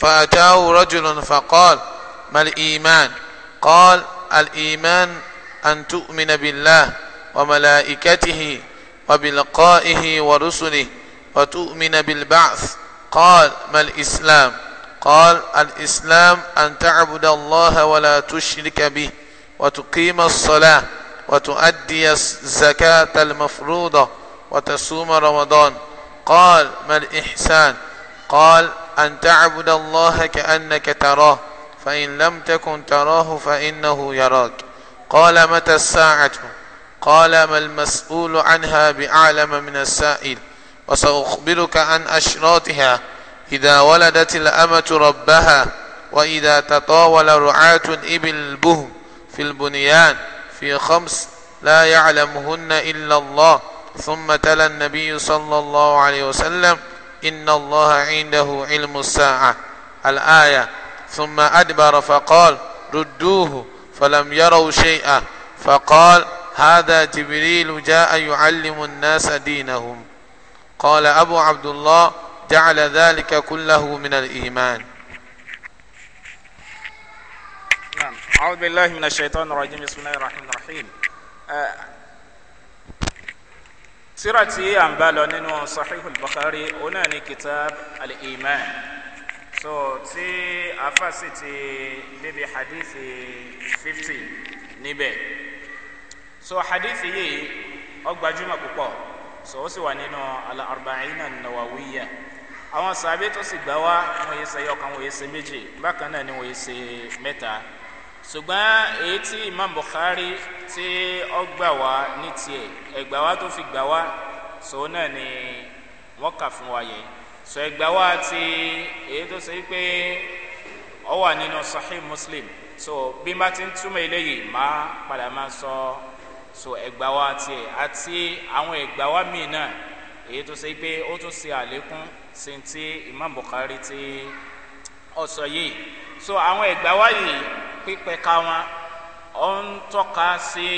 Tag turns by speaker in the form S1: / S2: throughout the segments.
S1: فأتاه رجل فقال ما الإيمان قال الإيمان أن تؤمن بالله وملائكته وبلقائه ورسله وتؤمن بالبعث قال ما الإسلام قال الإسلام أن تعبد الله ولا تشرك به وتقيم الصلاة وتؤدي الزكاة المفروضة وتصوم رمضان قال ما الإحسان قال أن تعبد الله كأنك تراه فإن لم تكن تراه فإنه يراك قال متى الساعة قال ما المسؤول عنها بأعلم من السائل وسأخبرك عن أشراطها إذا ولدت الأمة ربها وإذا تطاول رعاة إبل البهم في البنيان في خمس لا يعلمهن إلا الله ثم تلا النبي صلى الله عليه وسلم إن الله عنده علم الساعة الآية ثم أدبر فقال ردوه فلم يروا شيئا فقال هذا جبريل جاء يعلم الناس دينهم قال أبو عبد الله جعل ذلك كله من الإيمان نعم أعوذ بالله من
S2: الشيطان الرجيم بسم الله الرحمن الرحيم آه، tíra tí a ń bá lọ nínú sahihul bukhari ọ̀nà ní kitab al-iman so tí afa sì ti débi hadithi fifty níbẹ̀ so hadithi yìí ó gbajúmọ̀ púpọ̀ so ó sì wà nínú al-arba'ina nawawiya àwọn sàbẹ̀ sì gbà wá wọ́n yẹ ṣe yọkan wọ́n yẹ ṣe méjì bákan náà ni wọ́n yẹ ṣe mẹ́ta ṣùgbọ́n èyí tí imam bukhari tí ọ gbà wá ní tiẹ̀ ẹgbà wá tó fi gbà wá sọ náà ni wọ́n kà fún wa yẹn sọ ẹgbà wá ti èyí tó ṣe pé ọ wà nínú sahih muslim so bí má ti ń túmọ̀ eléyìí má padà má sọ so ẹgbà wá tiẹ̀ àti àwọn ẹgbà wá míì náà èyí tó ṣe pé ó tún ṣe àlékún sí ti imam bukhari tí ọ sọ yìí so àwọn ẹgbà wá yìí pípẹ̀ka wọn ó ń tọ́ka sí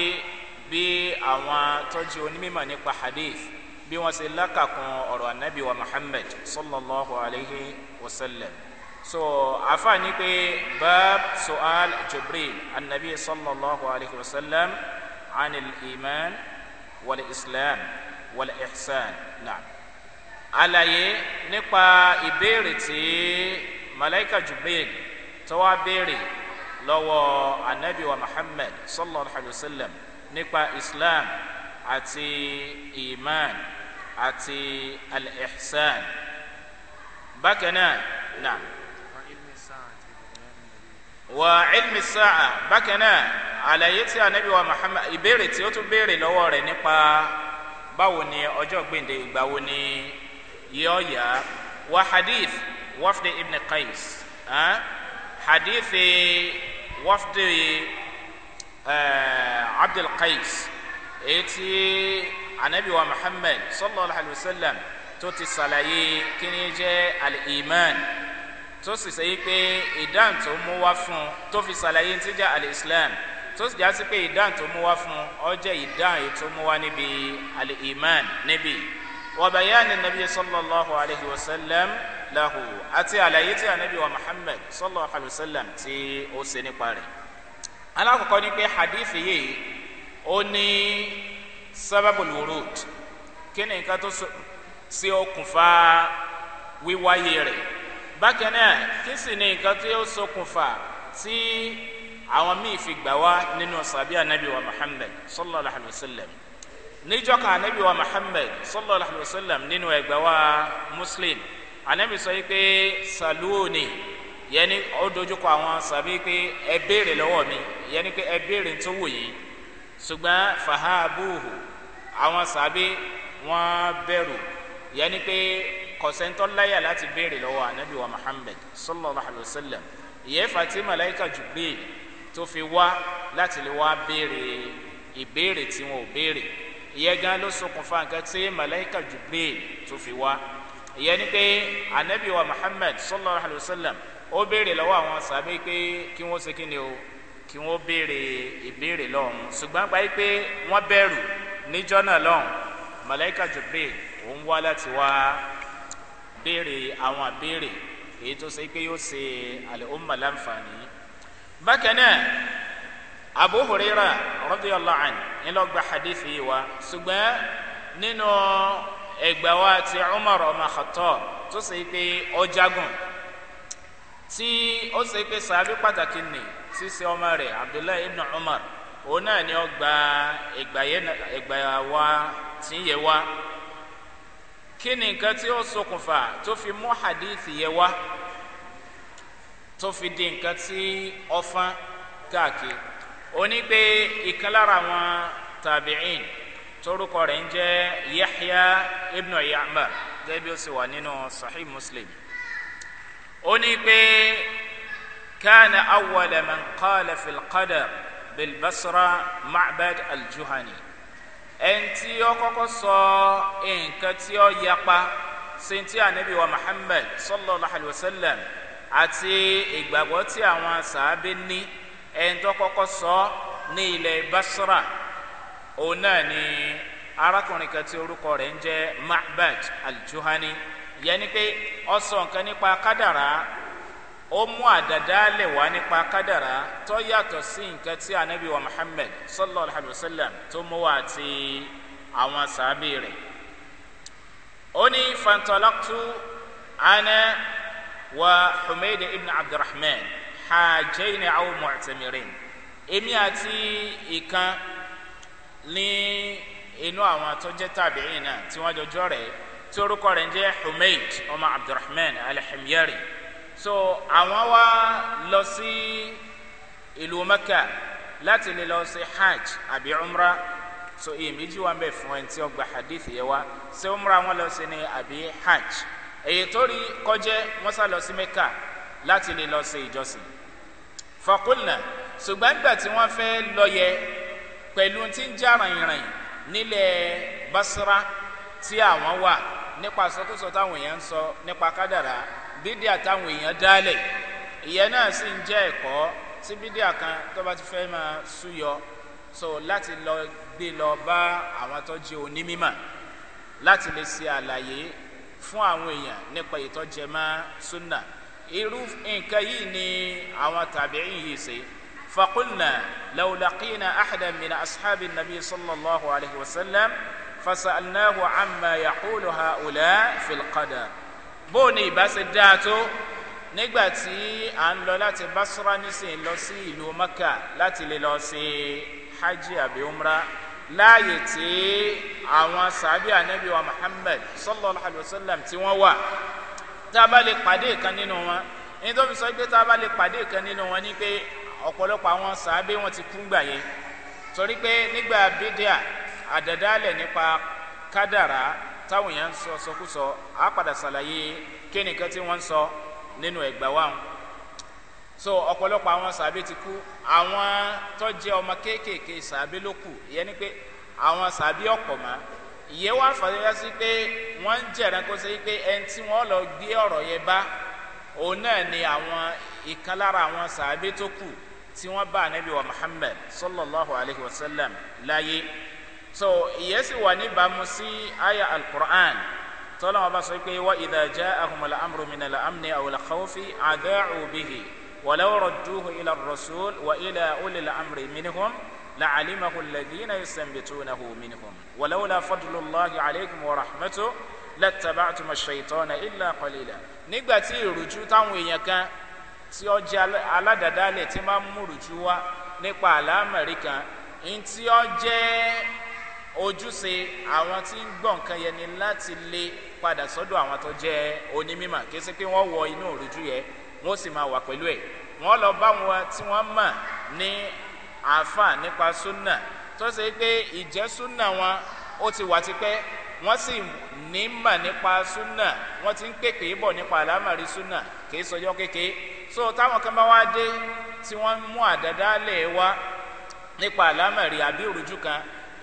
S2: bí àwọn tọ́jú onímọ̀ nípa hadith bí wọ́n ṣe lákàkún ọ̀rọ̀ anabi wa muhammed sallallahu alayhi wa sallam so àfààní pé bab su'al jibril anabi sallallahu alayhi wa sallam عن الإيمان والإسلام والإحسان نعم àlàyé nípa ìbéèrè tí malaika jubeil tó wá béèrè lọ́wọ́ anabi wa muhammed sallallahu alayhi wa sallam nípa islam àti iman àti al-ihsan bákan náà nà wa ilmi sa'a bákan náà àlàyé tí anabi wa muhammed ìbéèrè tí ó tún béèrè lọ́wọ́ rẹ̀ nípa báwo ni ọjọ́ gbèǹde ìgbà wo ni yóò yá wa hadith wafdi ibn qais hadith wafd eh, abdul qais èyí tí anabi wa muhammed sallallahu alayhi wa sallam tó ti ṣàlàyé kí ni jẹ́ al-iman tó sì sẹ́yìn pé ìdáhùn tó mú wá fún tó fi ṣàlàyé ti jẹ́ al-islam tó sì jásí pé ìdáhùn tó mú wá fún ọ jẹ́ ìdáhùn tó mú wá níbi al-iman níbi wàbàyàn nàbí sallallahu alayhi wa lahu àti àlàyé tí anabi wa muhammed sallallahu alayhi wa sallam tí ó ṣe nípa rẹ̀ alákọ̀ọ́kọ́ ni pé hadith yìí ó ní sábàbù lurud kí ni nǹkan tó ṣe okùnfà wíwáyé rẹ̀ bákan náà kí sì ni nǹkan tó yóò ṣokùnfà tí àwọn míì fi gbà wá nínú sàbí anabi wa muhammed sallallahu alayhi wa sallam níjọ́ kan anabi wa muhammed sallallahu alayhi wa sallam nínú ẹgbẹ́ wa muslim anabi sọ yìí pé saluoni yẹni ó dojúkọ àwọn sàbí pé ẹ béèrè lọ́wọ́ mi yẹni pé ẹ béèrè tó wò yìí ṣùgbọ́n fahabuhu àwọn sàbí wọn bẹ̀rù yẹni pé kọ̀sẹ́ntọ́ láyà láti béèrè lọ́wọ́ anabi wa muhammed sallallahu alayhi wa sallam ìyẹn fati malayika jubril tó fi wá láti lè wá béèrè ìbéèrè tí wọn ò béèrè ìyẹn gan ló ṣokùnfà nǹkan tí malayika jubril tó fi wá ìyẹn ni pé anabi wa muhammed sallallahu alayhi wa sallam ó béèrè lọ́wọ́ àwọn sàbẹ̀ pé kí wọ́n ṣe kí ni o kí wọ́n béèrè ìbéèrè lọ́hùn ṣùgbọ́n gba pé wọ́n bẹ̀rù níjọ́ náà lọ́hùn malayika jibril òun wá láti wá béèrè àwọn àbéèrè èyí tó ṣe pé yóò ṣe àlẹ́ ó láǹfààní bákan náà abu huraira radiyallahu anhu ńlọgba hadithi wa ṣùgbọ́n nínú ẹgbà wa ti umar ọmọ khatọ tó ṣe pé ọjàgùn tí ó ṣe pé sàbí pàtàkì nì ṣíṣe ọmọ rẹ abdullahi ibn umar òun náà ni ó gba ẹgbà wa tí yẹ wá kí ni nǹkan tí ó ṣokùnfà tó fi mú hadithi yẹ wá tó fi di nǹkan tí ọfán káàkiri ó ní pé ìkan lára àwọn tàbíìn torúkọ rẹ̀ ń jẹ́ yahya ibn ya'mar gẹ́gẹ́ bí ó sì wà nínú sahih muslim ó ní pé kánà awwala man qala fil qadar bil basra ma'bad al-juhani ẹni tí ó kọ́kọ́ sọ nǹkan tí ó yapa wa muhammad sallallahu alayhi wa sallam àti ìgbàgbọ́ tí àwọn sàábé ní ẹni tó kọ́kọ́ sọ ní ilẹ̀ basra òun náà ni arákùnrin kan tí orúkọ rẹ̀ ń jẹ́ mahbad aljuhani yẹni pé ó sọ nǹkan nípa kádàrá ó mú àdàdálẹ̀ wá nípa kádàrá tó yàtọ̀ sí nǹkan tí anabi wa muhammed sallallahu alayhi wa sallam tó mú wá àti àwọn sàábì rẹ̀ ó ní fantalaqtu ana wa humayd ibn abdulrahman hajjayna aw mu'tamirin èmi àti ìkan ní inú àwọn tó jẹ́ tàbíyìn náà tí wọ́n jọjọ́ rẹ̀ tí orúkọ rẹ̀ ń jẹ́ humaid ọmọ abdulrahman alhamyari so àwọn wá lọ sí ìlú mẹ́kà láti lè lọ sí hajj àbí umrah so èyí méjì wà bẹ́ẹ̀ fún ẹni tí ó gba hadith yẹn wá ṣé umrah wọn lọ sí ni àbí hajj èyí tó rí kọjẹ́ wọ́n sá lọ sí mẹ́kà láti lè lọ sí ìjọsìn fọkúlnà ṣùgbọ́n nígbà tí wọ́n fẹ́ lọ yẹ pẹ̀lú tí ń já ràyìnràyìn nílẹ̀ basra tí àwọn wà nípa sọkúsọ táwọn èèyàn ń sọ nípa kádàrá bídíà táwọn èèyàn dálẹ̀ ìyẹn náà sì ń jẹ́ ẹ̀kọ́ tí bídíà kan tó bá ti fẹ́ máa súyọ so láti lọ gbé lọ bá àwọn tó jẹ́ onímímọ̀ láti lè ṣe àlàyé fún àwọn èèyàn nípa ìtọ́jẹ́mọ́ súnà irú nǹkan yìí ni àwọn tàbí yìí ṣe. فقلنا لو لقينا أحدا من أصحاب النبي صلى الله عليه وسلم فسألناه عما يقول هؤلاء في القدر بوني بس داتو nígbà tí à ń lọ láti basra nísìnyí lọ sí ìlú maka láti lè lọ sí hajj àbí umra láàyè tí àwọn sàbí anabi wa muhammed sallallahu alayhi wa sallam tí wọ́n wà tá a bá lè pàdé kan nínú wọn ní tó fi sọ pé tá a bá lè pàdé kan nínú wọn ni pé ọ̀pọ̀lọpọ̀ àwọn sàábé wọn ti kún gbà yẹn torí pé nígbà bídíà àdàdálẹ̀ nípa kádàrá táwọn èèyàn ń sọ sọkúsọ á padà ṣàlàyé kínìkan tí wọ́n ń sọ nínú ẹ̀gbà wàhùn so ọ̀pọ̀lọpọ̀ àwọn sàábé ti kú àwọn tó jẹ́ ọmọ kéékèèké sàábé ló kù ìyẹn ni pé àwọn sàábé ọ̀pọ̀ mọ́ ìyẹn wá fàdúrà sí pé wọ́n ń jẹ̀rán kó sẹ́yìn pé ẹni tí wọ́n lọ gbé ọ̀rọ̀ yẹn bá òun náà ni àwọn ìkan lára àwọn sàábé tó kù tí wọ́n bá anabi wa muhammed sallallahu alayhi wa sallam láyé so ìyẹn sì wà níbàámu sí aya alukur'an tọ́lọ́mọ bá sọ pé wá ìdá já ahumala amru mina la amni awla khawfi adácu bihi wàlẹ́ rọ̀dúhu ilà rasul wa ilà ulil amri minihum لعلمه الذين يستنبتونه منهم ولولا فضل الله عليكم ورحمته لاتبعتم الشيطان إلا قليلا نيجاتي رجوتا وينكا tí ó jẹ́ aládàdálẹ̀ tí máa ń múrùjú wá nípa àlámẹ̀rí kan ní tí ó jẹ́ ojúṣe àwọn tí ń gbọ̀n kan yẹn ni láti lé padà sọ́dọ̀ àwọn tó jẹ́ onímọ̀ kí sí pé wọ́n wọ inú òrùjú yẹn wọ́n sì máa wà pẹ̀lú ẹ̀ wọ́n lọ bá wọn tí wọ́n mọ̀ ní àáfà nípa súnà tó ṣe pé ìjẹ́ súnà wọn ó ti wà tipẹ́ wọ́n sì ní mọ̀ nípa súnà wọ́n ti ń pèpè bọ̀ nípa àlámẹ̀rí súnà kì í sọjọ́ kékeré so táwọn kan bá wá dé tí wọ́n mú àdáda lẹ̀ wá nípa àlámẹ̀rí àbí òrùjú kan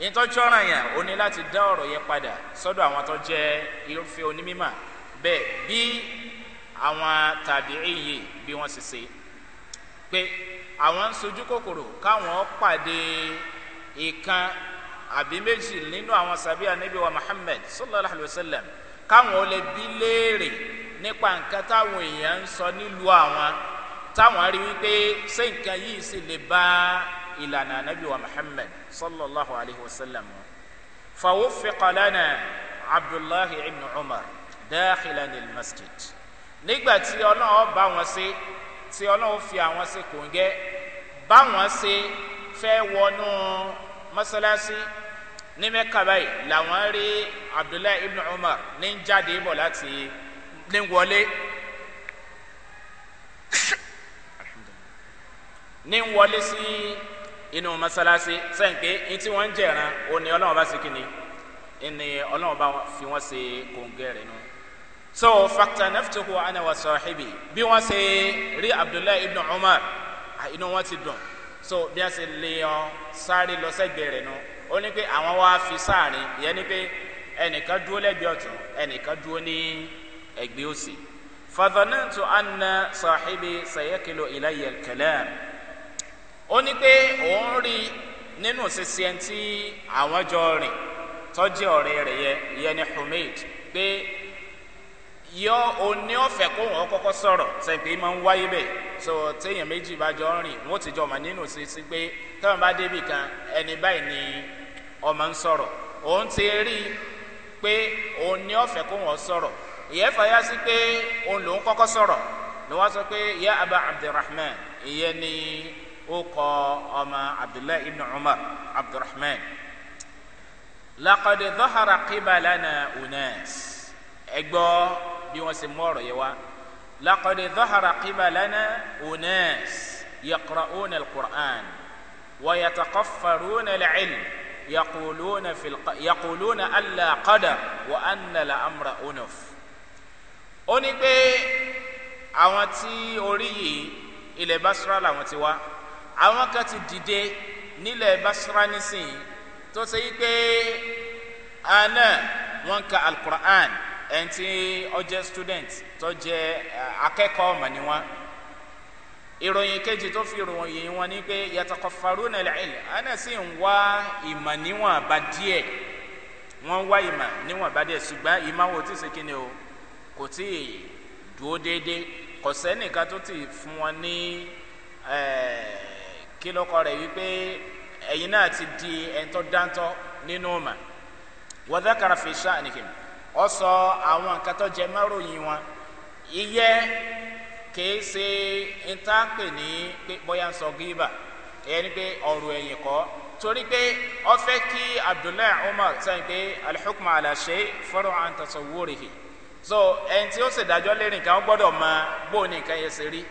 S2: ìtọ́jú ọ̀ràn yẹn ó ní láti dá ọ̀rọ̀ yẹn padà sọ́dọ̀ àwọn tó jẹ́ irúfẹ́ onímọ̀ bẹ́ẹ̀ bí àwọn tàbí èyí bí wọ́n ṣe ṣe pé àwọn ń sojú kòkòrò káwọn pàdé ìkan àbí méjì nínú àwọn sàbíà níbi wa muhammed sallallahu alayhi wa sallam káwọn ó lè bí léèrè nípa nǹkan táwọn èèyàn ń sọ nílùú àwọn táwọn rí wípé ṣé nǹkan yìí sì lè bá ìlànà anabi wa muhammed sallallahu alayhi wa sallam fawufiqa lana abdullahi ibn umar dáàkìlá ní masjid nígbà tí ọlọ́run bá wọn ṣe tí ọlọ́run fi àwọn ṣe kò ń gẹ́ bá wọn ṣe fẹ́ wọnú mọ́ṣáláṣí ní mẹ́kàbáyì làwọn rí abdullahi ibn umar ní jáde bọ̀ láti ní wọlé ní wọlé sí inú masalasi sẹ́ǹkì ntí wọ́n ń jẹ̀ràn òní ọlọ́run bá sì kíni ẹni ọlọ́run fi wọ́n ṣe kòǹgẹ́ rẹ̀ so fakta naftuhu ana wa sahibi bí wọ́n ṣe rí abdullahi ibn umar inú wọn ti dùn so bí wọ́n ṣe lé ọ sáré lọ sẹ́gbẹ̀ẹ́ rẹ̀ nù ó ní pé àwọn wá fi sáàrin ìyẹn ní pé ẹnìkan dúró lẹ́gbẹ̀ẹ́ ọ̀tún ẹnìkan dúró ẹgbẹ́ òsì fadhanantu anna sahibi sayakilo ilayya kalam ó ní pé òun rí nínú sisi ẹni tí àwọn jọ rìn tọ́jú ọ̀rẹ́ rẹ̀ yẹ ìyẹn ní humaid pé yọ òní ọ̀fẹ́ kó wọn kọ́kọ́ sọ̀rọ̀ sẹ́pẹ́ máa ń wáyé bẹ́ẹ̀ so téèyàn méjì bá jọ rìn wọ́n ti jọ mà nínú sisi pé táwọn bá débi kan ẹni báyìí ni ọmọ ń sọ̀rọ̀ òun ti rí pé òní ọ̀fẹ́ kó wọn sọ̀rọ̀ ìyẹ́ fàyà sí pé òun lòún kọ́kọ́ sọ̀rọ̀ ni wọ́n sọ pé ya aba abdulrahman ìyẹ́ ni ó kọ ọmọ abdullahi ibn umar abdulrahman lakọ̀dé zọ́hara qibalana unas unes ẹgbọ́ bí wọ́n sì mú ọ̀rọ̀ yẹ wá lakọ̀dé zọ́hara laqad dhahara qibalana unas yaqra'una alqur'an ويتقفرون العلم يقولون في الق... يقولون ألا قدر وأن الأمر أنف ó ní pé àwọn tí orí yìí ilẹ̀ basra làwọn ti wá àwọn kan ti dìde nílẹ̀ basra nísìnyí tó ṣe yí pé àná wọn ka alukur'an ẹni tí ọ jẹ́ student tó jẹ́ akẹ́kọ̀ọ́ ọmọ ni wọn ìròyìn kejì tó fi ròyìn wọn ni pé yàtọ̀kọ̀ faru nílẹ̀ ilẹ̀ àná sì ń wá ìmọ̀ níwọ̀n bá díẹ̀ wọ́n wá ìmọ̀ níwọ̀n bá díẹ̀ ṣùgbọ́n ìmọ̀ wo ti ṣe kí ni o kò tí ì dúró déédéé kò sẹ́nìkan tó ti fún wọn ní kí ló kọ́ rẹ̀ wípé ẹ̀yin náà ti di ẹ̀ńtọ́ dáńtọ́ nínú ọ̀mà wọ́n dákàrà fi ṣáà nìkan ọ sọ àwọn nǹkan tó jẹ máròyìn wọn iyẹ kìí ṣe ntaapè ní bóyá ń sọ gíbà ẹ̀yẹ ni pé ọ̀rọ̀ ẹ̀yìn kọ́ torí pé ọ fẹ́ kí abdullahi umar sẹ́yìn pé alḥukma alashe fọ́rọ̀ àǹtàṣọ wúrihì. so ẹni tí ó ṣèdájọ́ lé nìkan ó gbọ́dọ̀ mọ bó nìkan ṣe rí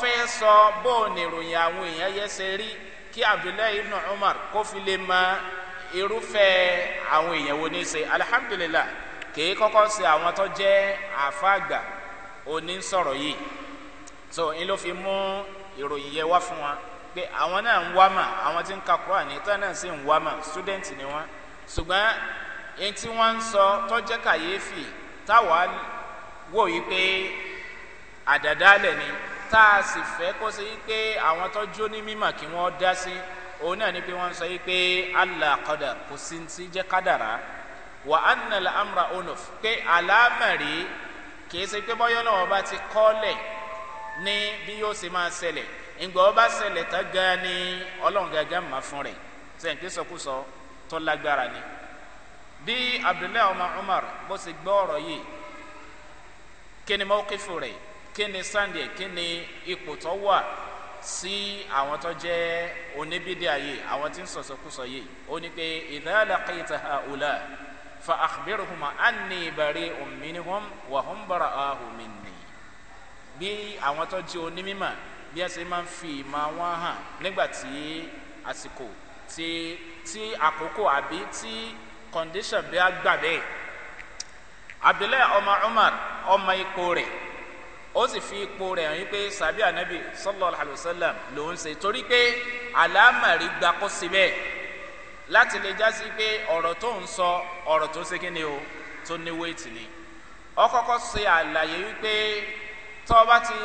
S2: fẹ́ sọ bó nìròyìn àwọn èèyàn yẹ ṣe rí kí abdullahi ibn umar kó fi lè mọ irúfẹ́ àwọn èèyàn wo ní ṣe alihamdulilayi kìí kọ́kọ́ ṣe àwọn so ló fi mú ìròyìn yẹn wá fún wa pé àwọn náà ń ka kúrò àní tán náà sì ń wá mà ni wọn ṣùgbọ́n ẹni tí táwa wò yí pé àdàdálẹ̀ ni tá a sì fẹ́ kó sí pé àwọn tó jó ní mímọ̀ kí wọ́n dá sí òun náà ni pé wọ́n sọ yí pé allah kọ́dà kò sí ti jẹ́ kádàrá wà á nà lè amra onof pé àlámẹ̀rí kì ṣe pé bọ́yọ́ náà ọba ti kọ́lẹ̀ ní bí yóò ṣe máa ṣẹlẹ̀ ìgbà ọba ṣẹlẹ̀ tán gan ni ọlọ́run gangan máa fún rẹ̀ sẹ́yìn pé sọkúsọ tó lágbára ni bí abdullahi ọmọ umar bó ṣe gbọ́ ọ̀rọ̀ yìí kí ni mọ́kífù rẹ̀ kí ni sànńdẹ̀ kí ni ipò tó wà sí àwọn tó jẹ́ oníbídìí ayé àwọn tí ń sọ̀sọ̀kúsọ yìí ó ní pé ìdáàlà kìtà àwùlà fa àkùbẹ́rùhùmá àní ìbàrẹ̀ òmìnirhùm wàhùn bàrà àhùmìnì bí àwọn tó jẹ́ onímọ̀ bí ẹ ṣe máa ń fi ìmọ̀ wọn hàn nígbà tí àsìkò tí àkókò àbí tí condition bí a gbà bẹ́ẹ̀ abdullahi ọmọ umar ọmọ ipò rẹ̀ ó sì fi ipò rẹ̀ hàn wípé sàbí anabi sallallahu alayhi wa sallam ló ń ṣe torí pé àlámàrí gba kó síbẹ̀ láti lè jásí pé ọ̀rọ̀ tó ń sọ ọ̀rọ̀ tó ṣe kí ni o tó ní wéètì ni ó kọ́kọ́ ṣe àlàyé wípé tó ti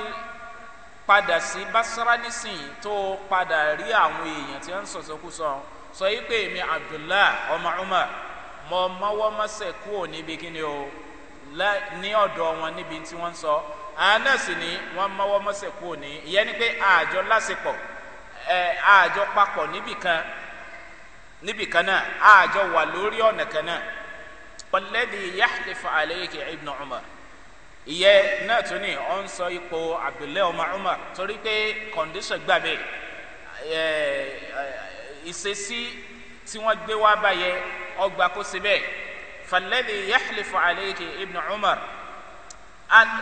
S2: padà sí basra nísìnyí tó padà rí àwọn èèyàn tí wọ́n ń sọ̀sọ́kú sọ sọ yìí pé èmi abdullahi ọmọ umar mọ mọwọ́ mọ́sẹ̀ kúrò níbi kí ni o ní ọ̀dọ̀ wọn níbi tí wọ́n ń sọ àánà sì ni wọ́n mọwọ́ mọ́sẹ̀ kúrò ní ìyẹn ni pé àjọ lásìpọ̀ àjọ papọ̀ níbì kan níbì kan náà àjọ wà lórí ọ̀nà kan náà pẹ̀lẹ́dì yàtìfà àlẹ́yẹkẹ ibn umar ìyẹn náà tún ní ọ̀ sọ ipò abdullahi ọmọ umar torí pé kọ̀ǹdíṣọ̀ gbàgbé ìṣesí tí wọ́n gbé wá báyẹn ọgbà kó síbẹ̀ falẹ́dì yaxlifu aleyke ibn umar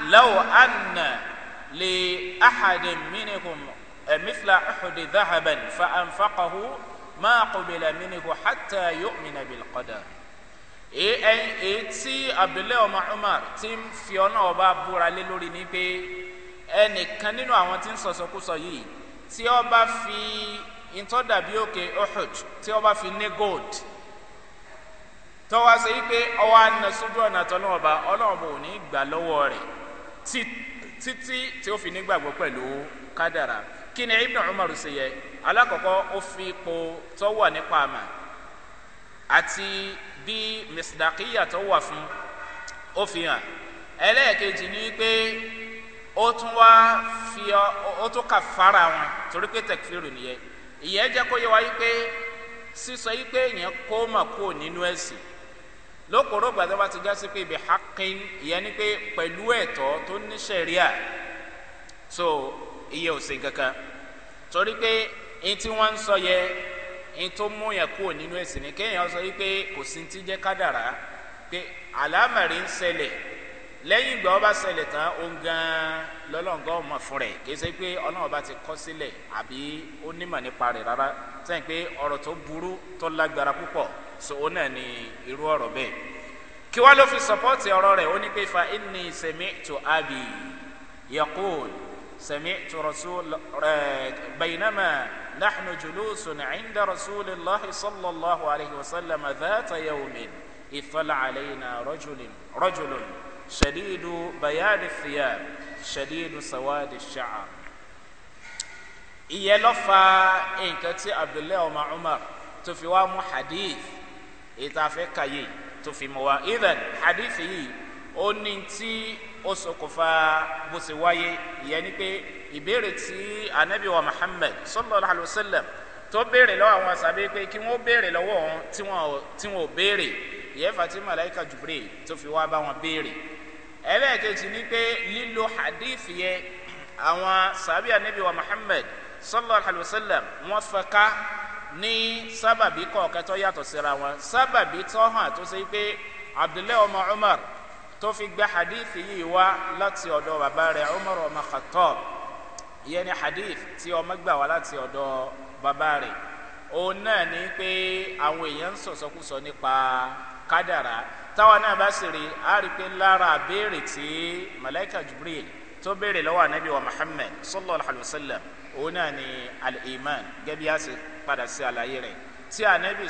S2: law anna li axadin minikum eh, mithla uxudi dahaban fa anfaqahu ma qubila minihu xata yu'mina bilqadar etí abdullahi ọmọ umar ti ń fi ọ̀nà ọba búra lé lórí ni pé ẹnìkan nínú àwọn tí ń sọ̀sọ̀kúsọ yìí tí ọba fi ìtọ́dàbí òkè uhud tí ọba fi ní gold tọ́wá sọ pé ọwọ́ àna ọ̀nà tọ́ náà ọba ọlọ́run bò ní gbà lọ́wọ́ rẹ̀ títí tí ó fi nígbàgbọ́ pẹ̀lú kádàrà kí ni ibn umar ṣe yẹ alákọ̀ọ́kọ́ ó fi ipò tó nípa àmà àti bí misdakiya tó wà fún ó fi hàn ẹlẹ́ẹ̀kejì ni pé ó tún fara wọn torí pé nìyẹn ìyẹn jẹ́ kó yẹ wáyé pé sísọ yìí pé kó mà kó nínú ẹ̀sìn lókòrò gbàdé wa ti já sí pé ibi hakin ìyẹn ni pé pẹ̀lú ẹ̀tọ́ tó ní sẹ̀ríà so iye ò sí kankan torí pé ẹni tí wọ́n ń sọ yẹ ẹni tó mú yẹn kúrò nínú ẹ̀sìn ni kéèyàn sọ wípé kò sí ti jẹ́ kádàrá pé àlámàrí ń ṣẹlẹ̀ lẹ́yìn ìgbà ọba ṣẹlẹ̀ tán òun gan lọ́lọ́ngàn ọmọ fún rẹ̀ kì í ṣe pé ọlọ́run ọba ti kọ́ sílẹ̀ àbí ó nípa rẹ̀ rárá sẹ́yìn pé ọ̀rọ̀ tó burú tó lágbára púpọ̀ so ó náà ní irú ọ̀rọ̀ bẹ́ẹ̀ kí wàá ló fi sọpọ́ọ̀tì ọ̀rọ̀ rẹ̀ ó ní pé fa inni sami'tu abi yaqul sami'tu rasul baynama nahnu julusun 'inda rasulillahi sallallahu alayhi wa sallam dhata yawmin ittala 'alayna rajulun rajulun shadidu bayadi thiyab sawadi sha'r ìyẹn ló fa nǹkan tí abdullahi umar tó fi wá mú hadith ètò afẹ́kàyè tó fi mọ̀ wá idan hadithi yìí ó ní tí ó ṣokùnfà bó ṣe wáyé ìyẹn ni pé ìbéèrè tí anabi wa muhammed sallallahu alayhi wa sallam tó béèrè lọ́wọ́ àwọn sàbẹ̀ pé kí wọ́n béèrè lọ́wọ́ wọn tí wọ́n béèrè ìyẹn fati malayika jubril tó fi wá bá wọn béèrè ẹlẹ́ẹ̀kejì ni pé lílo hadithi yẹn àwọn sàbẹ̀ anabi wa muhammed sallallahu alayhi wa sallam wọ́n fẹ́ ká ní sábàbí kọ̀ọ̀kan tó yàtọ̀ síra wọn sábàbí tó hàn tó ṣe pé abdullahi ọmọ umar tó fi gba hadith yìí wá láti ọ̀dọ̀ bàbá rẹ̀ umar ọmọ khatọ́ ìyẹn ni hadith tí ọmọ gbà wá láti ọ̀dọ̀ bàbá rẹ̀ òun náà ni pé àwọn èèyàn sọ̀sọ́kùsọ nípa kádàrá táwa náà bá sì rí i lára àbẹ́rẹ́ tí malaika jibril tó béèrè lọ́wọ́ anabi wa muhammed sallallahu alayhi wa sallam òun náà ni al-iman gẹ́bí a sì padà sí àlàyé rẹ̀ tí anabi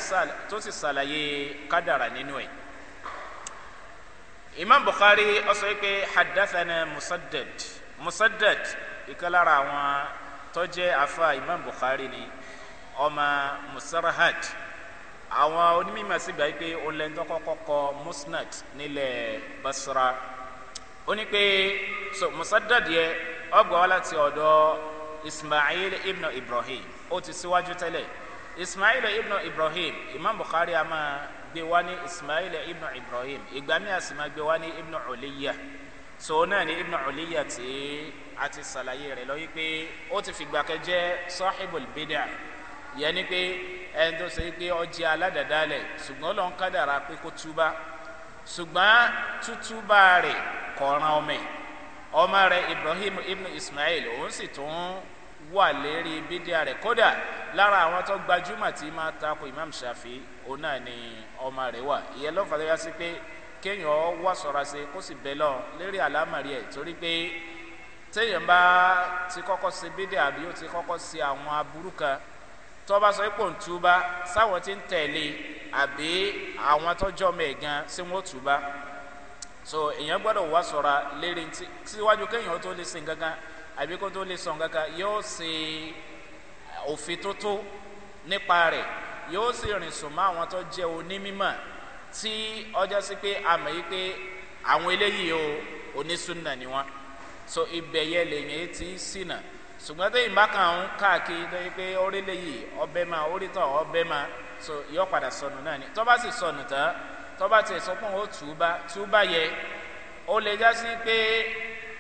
S2: tó sì ṣàlàyé kádàrà nínú ẹ̀. imam bukhari ọsọ yìí pé hadathana musaddad musaddad ìkàlára àwọn tó jẹ́ afa imam bukhari ni ọmọ musarahad àwọn onímọ̀ sí gbà yìí pé olè ń tọ́kọ́ kọ́kọ́ musnad nílẹ̀ basra ó ní pé so musaddad yẹ ọgbà wa láti ọ̀dọ̀ ismail ibn ibrahim ó ti síwájú tẹ́lẹ̀ ismail ibn ibrahim imam bukhari a máa gbé wá ní ismail ibn ibrahim ìgbà míì a sì máa gbé wá ní ibn uliya so náà ní ibn uliya tí a ti ṣàlàyé rẹ̀ lọ́yí pé ó ti fìgbà kan jẹ́ sahibul bid'ah yẹn ni pé ẹni tó ṣe pé ọjẹ́ aládàdálẹ̀ ṣùgbọ́n lọ́n kádàrá ṣùgbọ́n tútúbà rẹ̀ kọ̀ọ̀ràn ọmọ ẹ̀ ọmọ rẹ̀ ibrahim ibn ismail òun sì tún wà lérí bídíà rẹ̀ kódà lára àwọn tó gbajúmọ̀ tí máa takò imam shafi òun náà ni ọmọ rẹ̀ wà ìyẹn ló fàdé wá sí pé kéèyàn wá sọ̀rọ̀ sí kó sì bẹ̀ lọ lérí àlámàrí ẹ̀ torí pé téèyàn bá ti kọ́kọ́ ṣe bídíà àbí ó ti kọ́kọ́ ṣe àwọn aburú kan tọ́ba sọ pé òun túba sáwọn tí ń tẹ̀lé àbí àwọn tọ́jọ́ mẹ́ẹ̀ sí wọn túba so èèyàn gbọ́dọ̀ wá sọ̀ra lérí síwájú kéèyàn tó lè sin kankan àbí kó tó lè sàn kankan yóò ṣe òfin tó tó nípa rẹ̀ yóò sì rìn sùn mọ́ àwọn tó jẹ́ onímọ̀ tí ọjọ́ sí pé àmọ̀ yìí pé àwọn eléyìí o onísùnà ni wọ́n so ibẹ̀ yẹn lèyìn ti sínà. Si ṣùgbọ́n tẹ́yìn bá kàn ń káàkiri lórí pé orí léyìí ọbẹ̀ máa orí ọbẹ̀ máa so yọ padà sọnù náà ni tọ́ bá sì sọnù tán tọ́ bá ti sọ fún ó túbá túbá yẹ ó lè já sí pé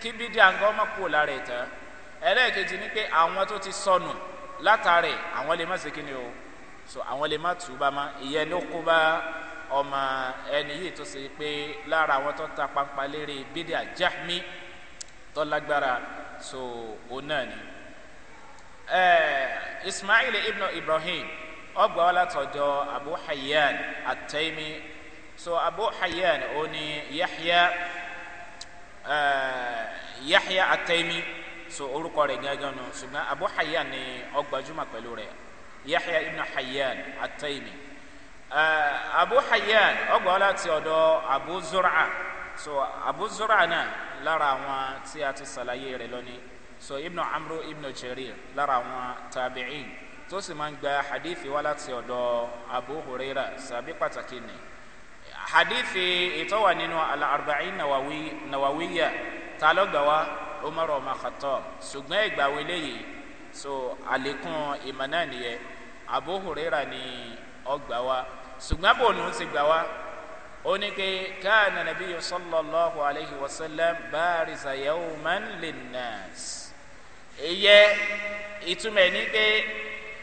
S2: kí bídí àǹgọ́ má kú lára ẹ̀ tán ẹlẹ́ẹ̀kejì ni pé àwọn tó ti sọnù látàrí àwọn lè má ṣe kí ni o so àwọn lè má túbá má ìyẹn ló kó bá ọmọ ẹni yìí tó ṣe pé lára àwọn tó ta pampa lérí bídí àjámi tó lágbára so òun náà ni. Eh, ismail ibn ibrahim ọgbà wà látọjọ abu hayyan ataimi so abu hayyan ó ní yahya eh, yahya ataimi so orúkọ rẹ gángan nù ṣùgbọn abu hayyan ni ọgbàjúmọ pẹlú rẹ yahya ibn hayyan ataimi eh, abu hayyan ọgbà wà láti abu zura so abu zura náà lára àwọn tí a ti ṣàlàyé rẹ lónìí so ibnu amru ibnu jarir lára àwọn tabi'in tó sì máa ń gba hadithi wá láti ọ̀dọ̀ abu huraira sàbí pàtàkì ni hadithi ìtọ́wà nínú al-arba'in nawawiya ta ló gbà wá umar ọmọ khattab ṣùgbọ́n ìgbà wele yìí so àlékún ìmọ̀ náà nìyẹn abu huraira ni ọ gbà wá ṣùgbọ́n bò ní ó ti gbà wá ó ní pé káà nàbíyí sallallahu alayhi wa sallam báàrìsà yawman linnas ìyẹ ìtumẹ̀ ní pé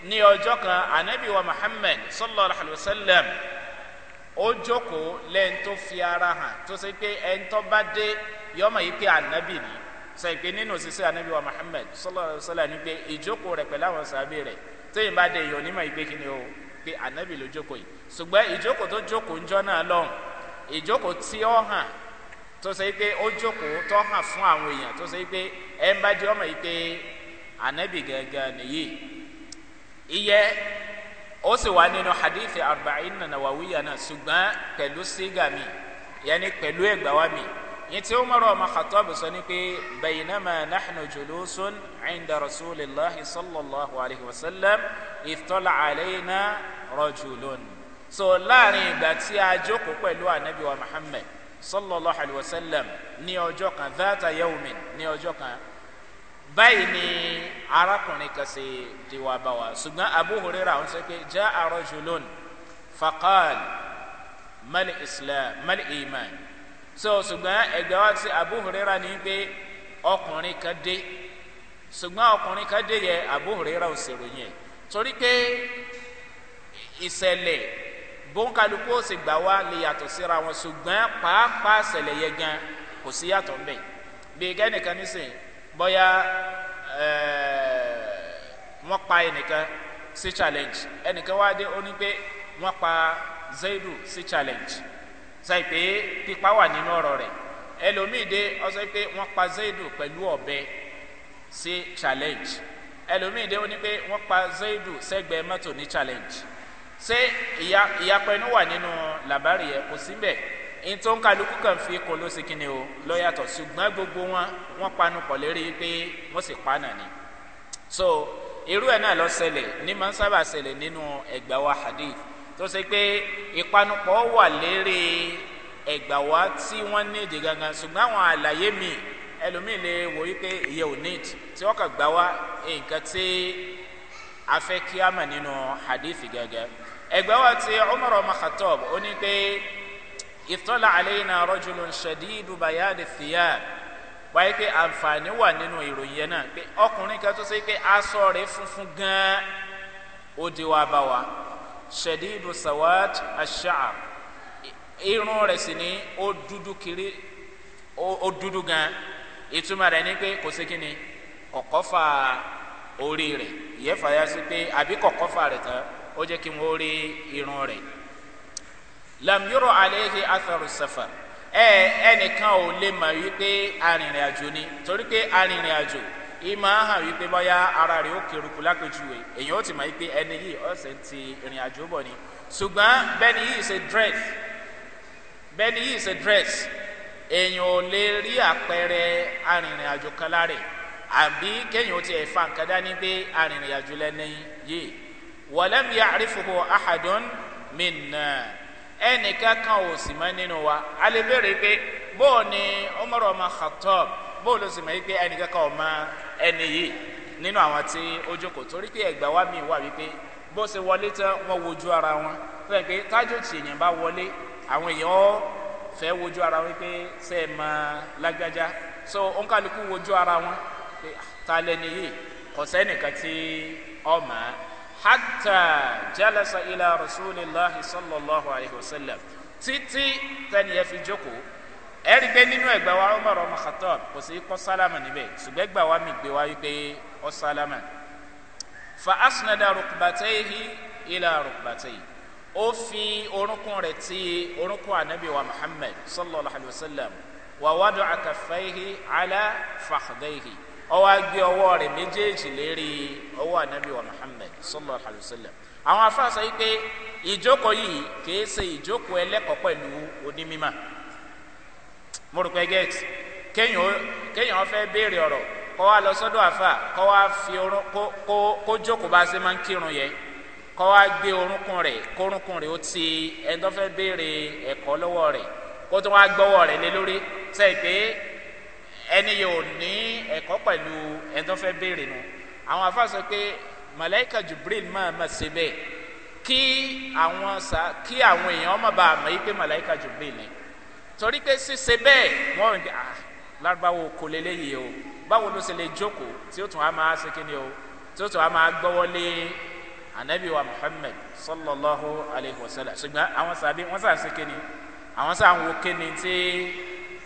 S2: ní ọjọ́ kan anabi wa muhammed sallallahu alayhi wa sallam ó jókòó lẹ́yìn tó fi ara hàn tó ṣe pé ẹni tó bá dé yọmọ yìí pé anabi ni sọ pé nínú òṣìṣẹ́ anabi wa muhammed sallallahu alayhi wa sallam ni pé ìjókòó rẹ̀ pẹ̀lú àwọn sábẹ́ rẹ̀ téyìn bá dé ìyọ̀ onímọ̀ yìí pé o pé anabi ló jókòó yìí ṣùgbọ́n ìjókòó tó jókòó ń jọ́ náà lọ́hùn ìjókòó tí ó hàn tó ṣe pé ó jókòó tó hàn fún àwọn èèyàn tó ṣe pé ẹ ń bá jẹ́ ọmọ yìí pé anabi gangan nìyí iyẹ ó sì wà nínú hadithi arba'in nanawawiya náà ṣùgbọ́n pẹ̀lú sígà mi yẹni pẹ̀lú ẹgbà wa mi yìí tí ó mọ̀rọ̀ ọmọ khatọ́ bù sọ ni pé bẹ̀yìnàmà nàḥnu julusun ẹ̀ǹda rasulillahi sallallahu alayhi wa sallam ìfitọ́lá àlẹ́yìnà rọ̀jùlọ́n. so láàrin ìgbà tí a jókòó pẹ̀lú anabi wa muhammed sallallahu alayhi wa sallam ní ọjọ́ kan dáta yawmin ní ọjọ́ kan báyìí ni arákùnrin kan ṣe ti wá bá wa ṣùgbọ́n abu hurera ń sọ pé jẹ́ àrọ́ jùlọ́n faqal mali islam mali iman so ṣùgbọ́n ẹgbẹ́ wa ti abu hurera ní pé ọkùnrin kan dé ṣùgbọ́n ọkùnrin kan dé yẹ abu hurera ò ṣèrò yẹn torí pé ìṣẹ̀lẹ̀ bóńkálukú ó sì gbà wá lè yàtọ̀ síra wọn ṣùgbọ́n pàápàá ṣẹlẹ̀ yẹn gan kò sí yàtọ̀ ń bẹ̀ bí gẹ́nìkan nísìnyí bọ́yá Eh, wọ́n pa ẹnìkan sí challenge ẹnìkan wá dé ó ní pé wọ́n pa zaidu sí challenge sẹ́yìn pé pípa wà nínú ọ̀rọ̀ rẹ̀ ẹlòmíì dé ọsẹ pé wọ́n pa zaidu pẹ̀lú ọ̀bẹ sí challenge ẹlòmíì dé ó ní pé wọ́n pa zaidu sẹ́gbẹ̀ẹ́ mọ́tò ní challenge ṣé ìyapẹ́nu wà nínú làbárí yẹn kò síbẹ̀ ètò ńkàlùkù kan fi kò ló ṣe kíni o lọ́yàtọ̀ ṣùgbọ́n gbogbo wọn wọ́n panu pọ̀ lérí pé wọ́n sì pa nàní. so irú ẹ̀ náà lọ ṣẹlẹ̀ ní máa ń sábà ṣẹlẹ̀ nínú ẹ̀gbà wa hadith tó ṣe pé ìpanupọ̀ wà lérí ẹ̀gbà wa tí wọ́n nídìí gangan ṣùgbọ́n àwọn àlàyé mi ẹlòmíì lè wò wípé ìyẹn ò níd tí wọ́n kàn gbà wá nǹkan tí a fẹ́ kí a mọ̀ nínú hadith gangan ẹ̀gbà wa ti umar ọmọ khatob ó ní pé ìtọ́lá àlẹ́yìnà rọ́júlù ṣẹ̀dídù bayáde thiyab wáyé pé àǹfààní wà nínú ìròyìn yẹn náà pé ọkùnrin kan tó ṣe pé aṣọ rẹ̀ funfun gan-an ó di wá bá wa ṣẹ̀dídù sawad aṣáà irun rẹ̀ sì ni ó dúdú kiri ó dúdú gan-an ìtumọ̀ rẹ̀ ni pé kò sí kíni kọ̀kọ́fà orí rẹ̀ ìyẹ́fà yá sí pé àbí kọ̀kọ́fà rẹ̀ tán ó jẹ́ kí wọ́n rí irun rẹ̀ lam yọrọ alehi atharu safar ẹ ẹnìkan ò lè mà wípé arìnrìn àjò ni torí pé arìnrìn àjò ìmọ̀ hàn wípé bọ́yá ara rẹ̀ ó kérukù lápẹ̀jùwe èyàn ó ti mà wípé ẹni yìí ọ̀sẹ̀ ti ìrìn àjò bọ̀ ni ṣùgbọ́n bẹ́ẹ̀ni yìí ṣe dress bẹ́ẹ̀ni yìí ṣe dress èyàn ò lè rí àpẹẹrẹ arìnrìn kan lára àbí kéèyàn ó ti ẹ̀ fa nǹkan dání pé arìnrìn lẹ́ni yìí wọ̀lẹ́mi àrífòhò àhàdùn mí ẹnìkan kan ò sì mọ́ nínú wa a lè béèrè pé bóò ni umar ọmọ khatab bóò ló sì mọ̀ wípé ẹnìkan kan ò mọ ẹni yìí nínú àwọn tí ó jókòó torí pé ẹgbà wa mi wà wípé bó ṣe wọlé tán wọ́n wojú ara wọn fẹ́ẹ̀ pé tájò tí èèyàn bá wọlé àwọn èèyàn fẹ́ wojú ara wọn pé ṣe é mọ lágbájá so òǹkàlùkù wojú ara wọn pé ah, ta lẹni yìí kò sẹ́nìkan tí ọmọ ẹ̀ hatta jalasa ila rasulillahi sallallahu alayhi wa sallam títí tani ẹ fi jókòó ẹ rí pé nínú ẹgbẹ́ wa umar ọmọ khatab kò sí kọ́ sálámà níbẹ̀ ṣùgbọ́n ẹgbẹ́ wa mi gbé wa wípé ọ sálámà fa asunada rukubatehi ila rukubatehi ó fi orúnkún rẹ̀ ti orúnkún anabi wa muhammad sallallahu alayhi wa sallam wa wàdùn akafahi ala fàkàdéhi ọwọ́ agbé ọwọ́ rẹ̀ méjèèjì lérí ọwọ́ anabi wa muhammed sallallahu alayhi wa sallam àwọn afáàsọ yìí pé ìjókòó yìí kìí ṣe ìjókòó ẹlẹ́kọ̀ọ́ pẹ̀lú onímímà mo rò pé get kéèyàn fẹ́ béèrè ọ̀rọ̀ kọ́ wa lọ sọ́dọ̀ àfà kọ́ wa fi orun kó jókòó bá ṣe máa ń kírun yẹn kọ́ wa gbé orúnkún rẹ̀ kórúnkún rẹ̀ ó ti ẹni tó fẹ́ béèrè ẹ̀kọ́ lọ́wọ́ rẹ̀ kó tó wá gbọ́wọ́ rẹ̀ lé lórí sẹ́yìn pé ẹni yóò ní ẹ̀kọ́ pẹ̀lú ẹni béèrè nu àwọn afa pé mọ̀lẹ́kà jubril máa ma ṣe bẹ́ẹ̀ kí àwọn sa kí àwọn èèyàn ọmọ bá a mọ̀ yí pé mọ̀lẹ́kà jubril ni torí pé ṣíṣe bẹ́ẹ̀ wọ́n rìn ah lárúbáwò kò lè léyìí o báwo ló ṣe lè jókòó tí ó tún á máa ṣe kíni o tí ó tún á máa gbọ́wọ́ anabi wa muhammed sallallahu alayhi wa sallam ṣùgbọ́n àwọn sàbí wọ́n sà ṣe kíni àwọn sà ń kíni tí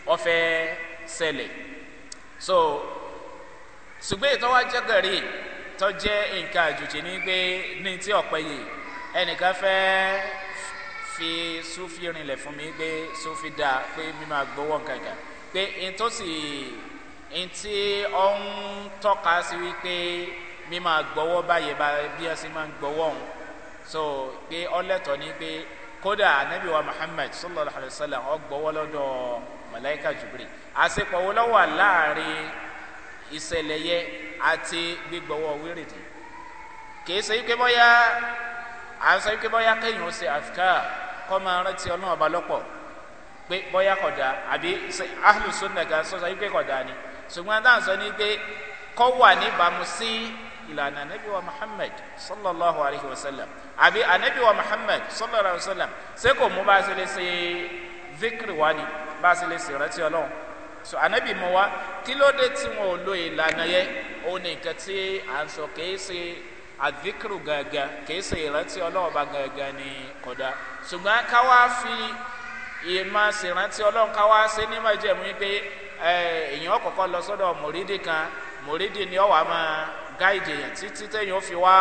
S2: wọ́n fẹ́ ṣẹlẹ̀ so ṣùgbọ́n ìtọ́wá jẹ́ gàrí tó jẹ́ nǹkan àjòjì ní pé ní tí ọ̀pẹ yìí ẹnìkan fẹ́ fi sufi rinlẹ̀ fún mi pé sufi dáa pé mi máa gbowó nǹkankan pé ntòsí ntí ọ ń tọ́ka sí wípé mi máa gbowó báyìí bí ẹ sì máa gbowó ọ̀hún so pé ọlẹ́tọ̀ ni pé kódà anabi wa muhammed sallallahu alayhi wa sallam ọ gbowó lọ́dọ̀ malaika jibril àsepọ̀ wo lọ́wọ́ láàrin ìṣẹ̀lẹ̀ yẹ àti gbígbọ́wọ́ wíìrìdì kì í ṣe wípé bọ́yá à ń sọ wípé bọ́yá kéèyàn ṣe àfikà kọ́ máa rántí ọlọ́run ọba lọ́pọ̀ pé bọ́yá kọ̀dà àbí ahlùsùn nàgà sọ́sọ́ wípé kọ̀dà ni ṣùgbọ́n dáhùn sọ ni pé kọ́ wà níbàámu sí ìlànà anabi wa muhammed sallallahu alayhi wa sallam àbí anabi wa muhammed sallallahu alayhi wa sallam ṣé kò mú bá a ṣe lè wa ni bá a ṣe lè ṣe rántí so anabi mu wa kí ló dé tí wọn ò lo ìlànà yẹn òun ní nǹkan tí à ń sọ kìí ṣe àdìkìrù gàgà kìí ṣe ìrántí ọlọ́ọ̀ba gàgà ní kọ̀dá ṣùgbọ́n ká wá fi ìmọ̀ ṣèrántí ọlọ́run ká wá ṣe ní májẹ̀mú pé èèyàn kọ̀ọ̀kan lọ sọ́dọ̀ mòrídìí kan mòrídìí ni ọ̀wà máa gáìdì èèyàn títí téèyàn fi wá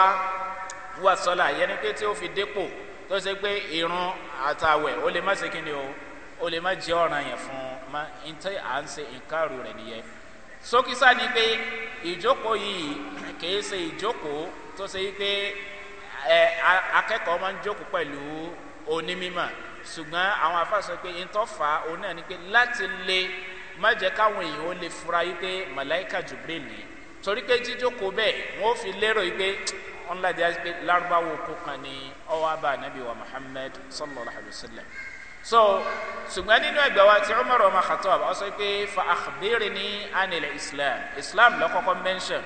S2: wà sọ́la yẹn ni pé tí ó fi dépò tó ṣe pé ìrun àtàwẹ̀ ó lè má ṣe kí ni o ó lè má jẹ́ ọ̀ràn yẹn fún un mọ́ ntẹ́ à niye. So ìkárò rẹ̀ nìyẹn sókísà ni pé ìjókòó yìí kìí ṣe ìjókòó tó ṣe pé akẹ́kọ̀ọ́ máa ń jókòó pẹ̀lú onímọ̀ ṣùgbọ́n àwọn afáṣọ pé ntọ́fà òun náà ni pé láti lè má jẹ́ káwọn èèyàn ó lè fura yìí pé màláìka jubril ni torí pé jíjókòó bẹ́ẹ̀ wọ́n fi lérò yìí pé wọn ladi asi pe larubawo kokan ni ọwọ aba anabi wa Muhammad sallallahu alaihi wasallam so ṣùgbọ́n nínú ẹgbẹ́ wa ti umar ọmọ khatab ọ sọ pé fa akhbiri ni anil islam islam lọ́kọ́kọ́ mention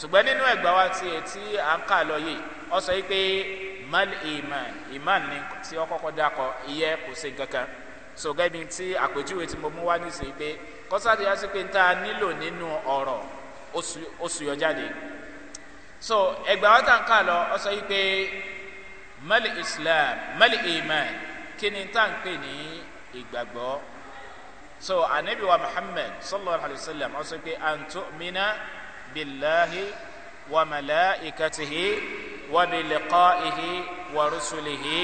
S2: ṣùgbọ́n nínú ẹgbẹ́ wa ti etí à ń kà lọ yìí ọ sọ pé mal iman iman ni tí ọ kọ́kọ́ dakọ iye kò sí kankan so gẹ́gẹ́ tí àpèjúwe tí mo mú wá ní sèé pé kọ́sáàdì yá sí pé ń ta nílò nínú ọ̀rọ̀ oṣù yọ so ẹgbẹ́ wa ta ń kà lọ ọ sọ pé mal islam mal iman kíni tá à ń pè ní so anabi wa muhammed sallallahu alayhi wa sallam ọsọ pé àǹtó mina bilahi wa malaikatihi wa biliqaihi wa rusulihi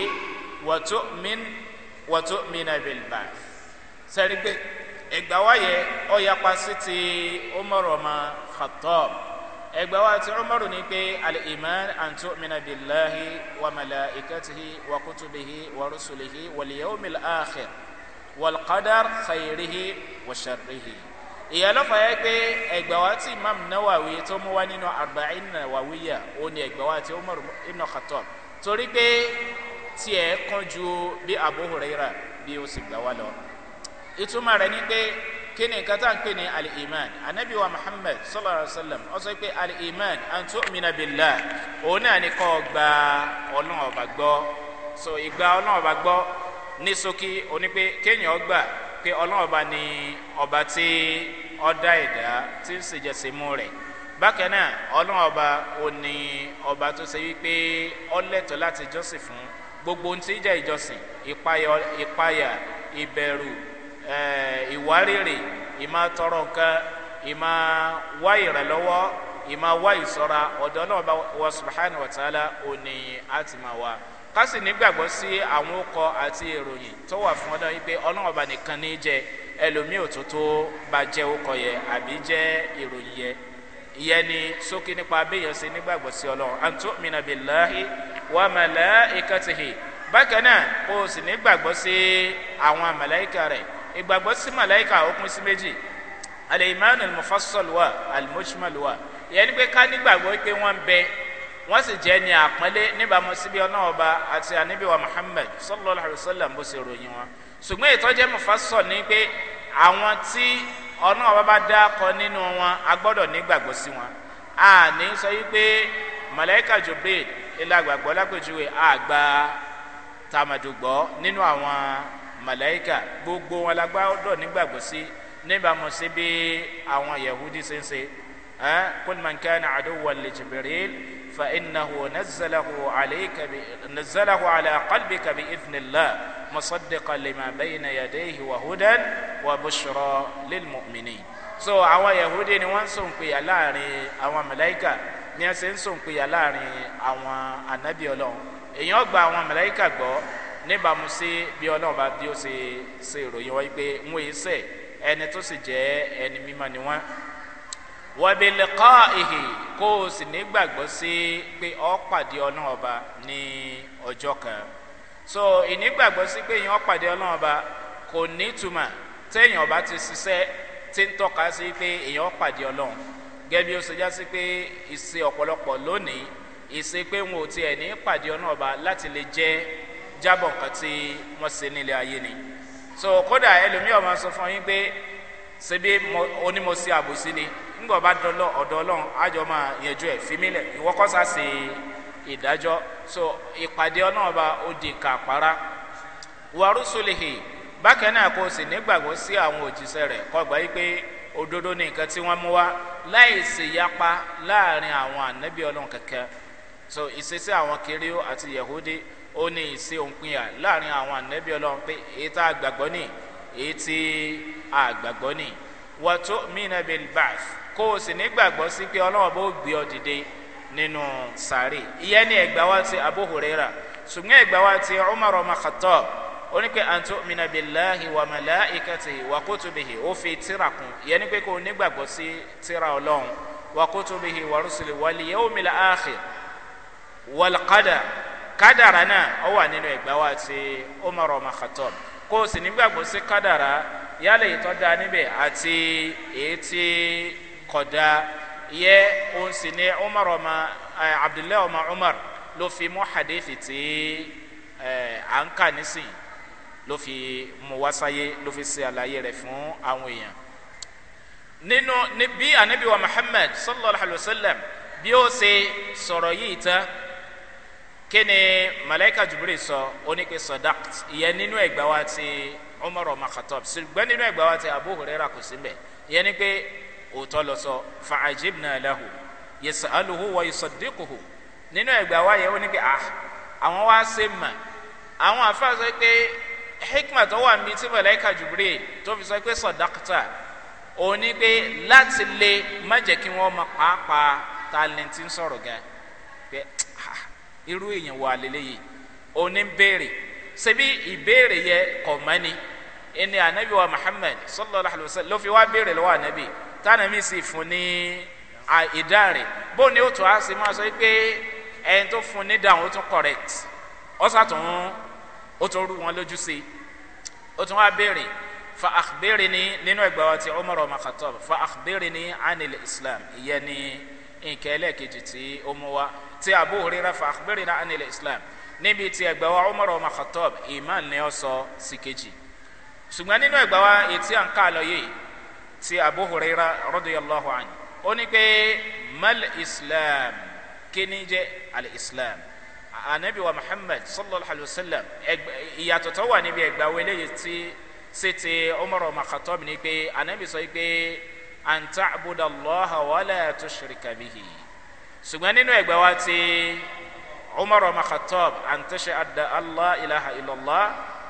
S2: wa tó min wa tó mina bilbath sẹ́rí ìgbà wáyé ọ̀yàpá sí ti umar ọmọ khatab ẹgbẹ́ wa ti umaru ni pé al-iman antu minabilahi wa malaikatihi wa kutubihi wa rusulihi waliyawmil akhir walqadar khayrihi wa sharrihi ìyálọ́fà yẹ pé ẹgbẹ́ wa ti imam nawawi tó mú wa nínú arba'in nawawiya ó ní ẹgbẹ́ wa ti umaru ibn khattab torí pé tiẹ̀ kan ju bí abu huraira bí ó sì gbà wá lọ ìtumọ̀ rẹ̀ ni pé kíni nǹkan tá à ń pè ní al-iman anabi wa muhammed sallallahu alayhi wa sallam ọ sọ pé al-iman an tu'mina billah òun náà ni kọ́ gba ọlọ́run ọba gbọ́ so ìgbà ọlọ́run ọba gbọ́ ní sókí òní pé kéèyàn gbà pé ọlọ́run ọba ni ọba tí ọ dá ẹ̀dá tí ń ṣèjẹsẹ̀ mú rẹ̀ bákan náà ọlọ́run ọba ò ní ọba tó ṣe fún gbogbo ohun tí ń ìpayà ìbẹ̀rù Eh, ìwárìrì ìmá tọrọ nǹkan ìmá wá ìrànlọ́wọ́ ìmá wá ìsọ́ra ọ̀dọ́ náà bá wọ subhanahu wa ta'ala òní àti máa wá kásì nígbàgbọ́ sí àwọn ọkọ̀ àti ìròyìn tó wà fún ọdún wípé ọlọ́run ọba nìkan ní jẹ ẹlòmíì ò tó tó bá jẹ́ ọkọ̀ yẹ àbí jẹ́ ìròyìn yẹ ìyẹn ni sókè nípa abéyàn sí nígbàgbọ́ sí ọlọ́run àǹtó mìnàbíláhi wà màlá ìkàtìhì bákan náà kó sì nígbàgbọ́ sí àwọn àmàlẹ́kà rẹ̀ ìgbàgbọ́ sí màláìka òkun sí méjì aleiman almufasol wa almujmal wa ìyẹn ni pé ká nígbàgbọ́ pé wọ́n ń bẹ wọ́n sì jẹ́ ní àpọ́nlé níbàámu síbi ọlọ́ọ̀ba àti àníbíwá muhammed sallallahu alayhi wa sallam bó ṣe ròyìn wọn ṣùgbọ́n ìtọ́jẹ́ mufasol ni pé àwọn tí ọlọ́ọ̀ba bá dá kọ nínú wọn a gbọ́dọ̀ nígbàgbọ́ sí wọn a ní sọ yí pé màláìka jubril ìlà àgbàgbọ́ lápèjúwe àgbà tàmàdùgbọ́ nínú àwọn màláìkà gbogbo wọn la gbọ́dọ̀ nígbàgbọ́ sí níbàámu sí bí àwọn yahudi ṣe ń ṣe kul man kana aduwan li jibril fa innahu nazzalahu alayka bi nazzalahu ala qalbika bi idhnillah musaddiqan lima bayna yadayhi wa hudan wa bushra lil mu'minin so àwọn yahudi ni wọ́n sùn pìyà láàrin àwọn màláìkà ni wọ́n sì ń sùn pìyà láàrin àwọn anabi èèyàn gba àwọn màláìkà gbọ́ níbàámu sí bí ọlọ́run bá bí ó ṣe ṣe ìròyìn wáyé pé ń wòye sẹ́ ẹni tó sì jẹ́ ẹni mímọ́ ni wọ́n. wọ́bìlì kọ́ ìhì kó o sì nígbàgbọ́ sí pé ọ́ pàdé ọlọ́run ọba ní ọjọ́ kan. so ìnígbàgbọ́ sí pé èèyàn pàdé ọlọ́run ọba kò ní ìtumọ̀ téèyàn ọba ti ṣiṣẹ́ tí ń tọ́ka sí pé èèyàn pàdé ọlọ́run gẹ́gẹ́ bí ṣe já sí pé ìṣe ọ̀pọ̀lọpọ̀ lónìí ìṣe pé wọn ò tiẹ̀ ní pàdé ọlọ́run ọba láti lè jẹ́ jabọ nǹkan tí wọ́n ṣe nílé ayé ni so kódà ẹlòmíràn máa sọ fún yín pé ṣebí onímọ̀sí àbòsí ni ńgbọ̀ bá dọ́lọ́ ọ̀dọ́ ọlọ́run àjọ máa yanjú ẹ̀ fi mílẹ̀ ìwọ́kọ́sà ṣe ìdájọ́ so ìpàdé ọlọ́ọ̀ba ó di kàpárá wàrúsùlìhì bákan náà kò sì nígbàgbọ́ sí àwọn òjíṣẹ́ rẹ̀ kọgbà yí pé òdodo ní nǹkan tí wọ́n mú wá láì sì yapa láàrin àwọn ànábì ọlọ́run kẹ̀kẹ́ so ìṣesí àwọn kiri àti yahudi ó ní ìṣe òǹpinya láàrin àwọn ànẹ́bí ọlọ́run pé èyí tá a gbàgbọ́ ni èyí tí a gbàgbọ́ ni wọ́n tó mìíràn bíi bàf kó o sì ní gbàgbọ́ sí pé ọlọ́run bó gbé ọ dìde nínú sàárè ìyẹn ní ẹgbà wa ti abóhùrẹ́rà ṣùgbọ́n ẹgbà wa ti umar makhatọ́ ó ní pé àǹtó mìíràn bíi láhi wà màlá ìkàtì wà kótó bìhì ó fi tíra kún ìyẹn ní pé kó o ní gbàgbọ́ sí tíra ọlọ́run wà kótó bìhì wà rúṣìlì wàlíyẹ́ òmìnira ààfin wàlqádà Kadara náà ọ wà nínú ẹgbà wa ti umar ọmọ khatom kó o sì nígbàgbọ́ sí kádàrà yálẹ̀ ìtọ́da níbẹ̀ àti èyí tí kọ̀dá yẹ òun sì ní umar ọmọ abdullahi ọmọ umar ló fi mú hadithi tí à ń kà nísìnyí ló fi mú wásáyé ló fi ṣe àlàyé rẹ̀ fún àwọn èèyàn nínú bí anabi wa muhammad sallallahu alayhi wa sallam bí ó ṣe sọ̀rọ̀ yìí tán kíni malayika jibril sọ oníke sadakt ìyẹn nínú ẹgbàá wa ti umar makatob ṣùgbọ́n nínú ẹgbàá wa ti abu hurera kò sí mbẹ ìyẹn ni pé òótọ́ lọ sọ fàájib náà lẹ́hu yẹsẹ aluhu wa yẹsọdikuhu nínú ẹgbàá wa yẹ oníke ah àwọn wa ṣe mà àwọn afa sọ pé hikma tó wà níbi tí malayika tó fi sọ pé sadakta òní pé láti lè má jẹ́ kí wọ́n mọ pàápàá talenti ń sọ̀rọ̀ gan pé irú èèyàn wà lélẹ́yìí òní ń béèrè ṣebí ìbéèrè yẹ kọ̀mọ́ni ẹni anabi wa muhammed sallallahu alayhi wa sallam ló fi wá béèrè lọ́wọ́ anabi tánà mi sì fún ní ìdáre bó ni ó tó a sì máa sọ pé ẹni tó fún ní dáhùn ó tún correct ó sàtún ó tún rú wọn lójú sí ó tún wá béèrè fa akhbiri ni nínú ẹgbẹ́ wa ti umar wa makhatab fa akhbiri ni anil islam ìyẹn ni nkẹ́lẹ́ kejì tí ó mú wa ti abu hurera fa akubiri na anil islam níbi ti ẹgbẹ́ wa umar ọmọ khatob iman ni ọ sọ sí kejì ṣùgbọ́n nínú ẹgbẹ́ wa etí à ń ká lọ yìí ti abu hurera rọ́dùyàlláhu àn ó ní pé mal islam kíní jẹ́ al islam anabi wa muhammad sallallahu alayhi wa sallam ìyàtọ̀ tó wà níbi ẹgbẹ́ wa eléyìí ti sí ti umar ọmọ khatob ni pé anabi sọ pé an ta'budu allah tushrika bihi ṣùgbọ́n nínú ẹgbẹ́ wa ti umar ọmọ khatob àǹtẹ̀ṣe àdá allah ilaha illallah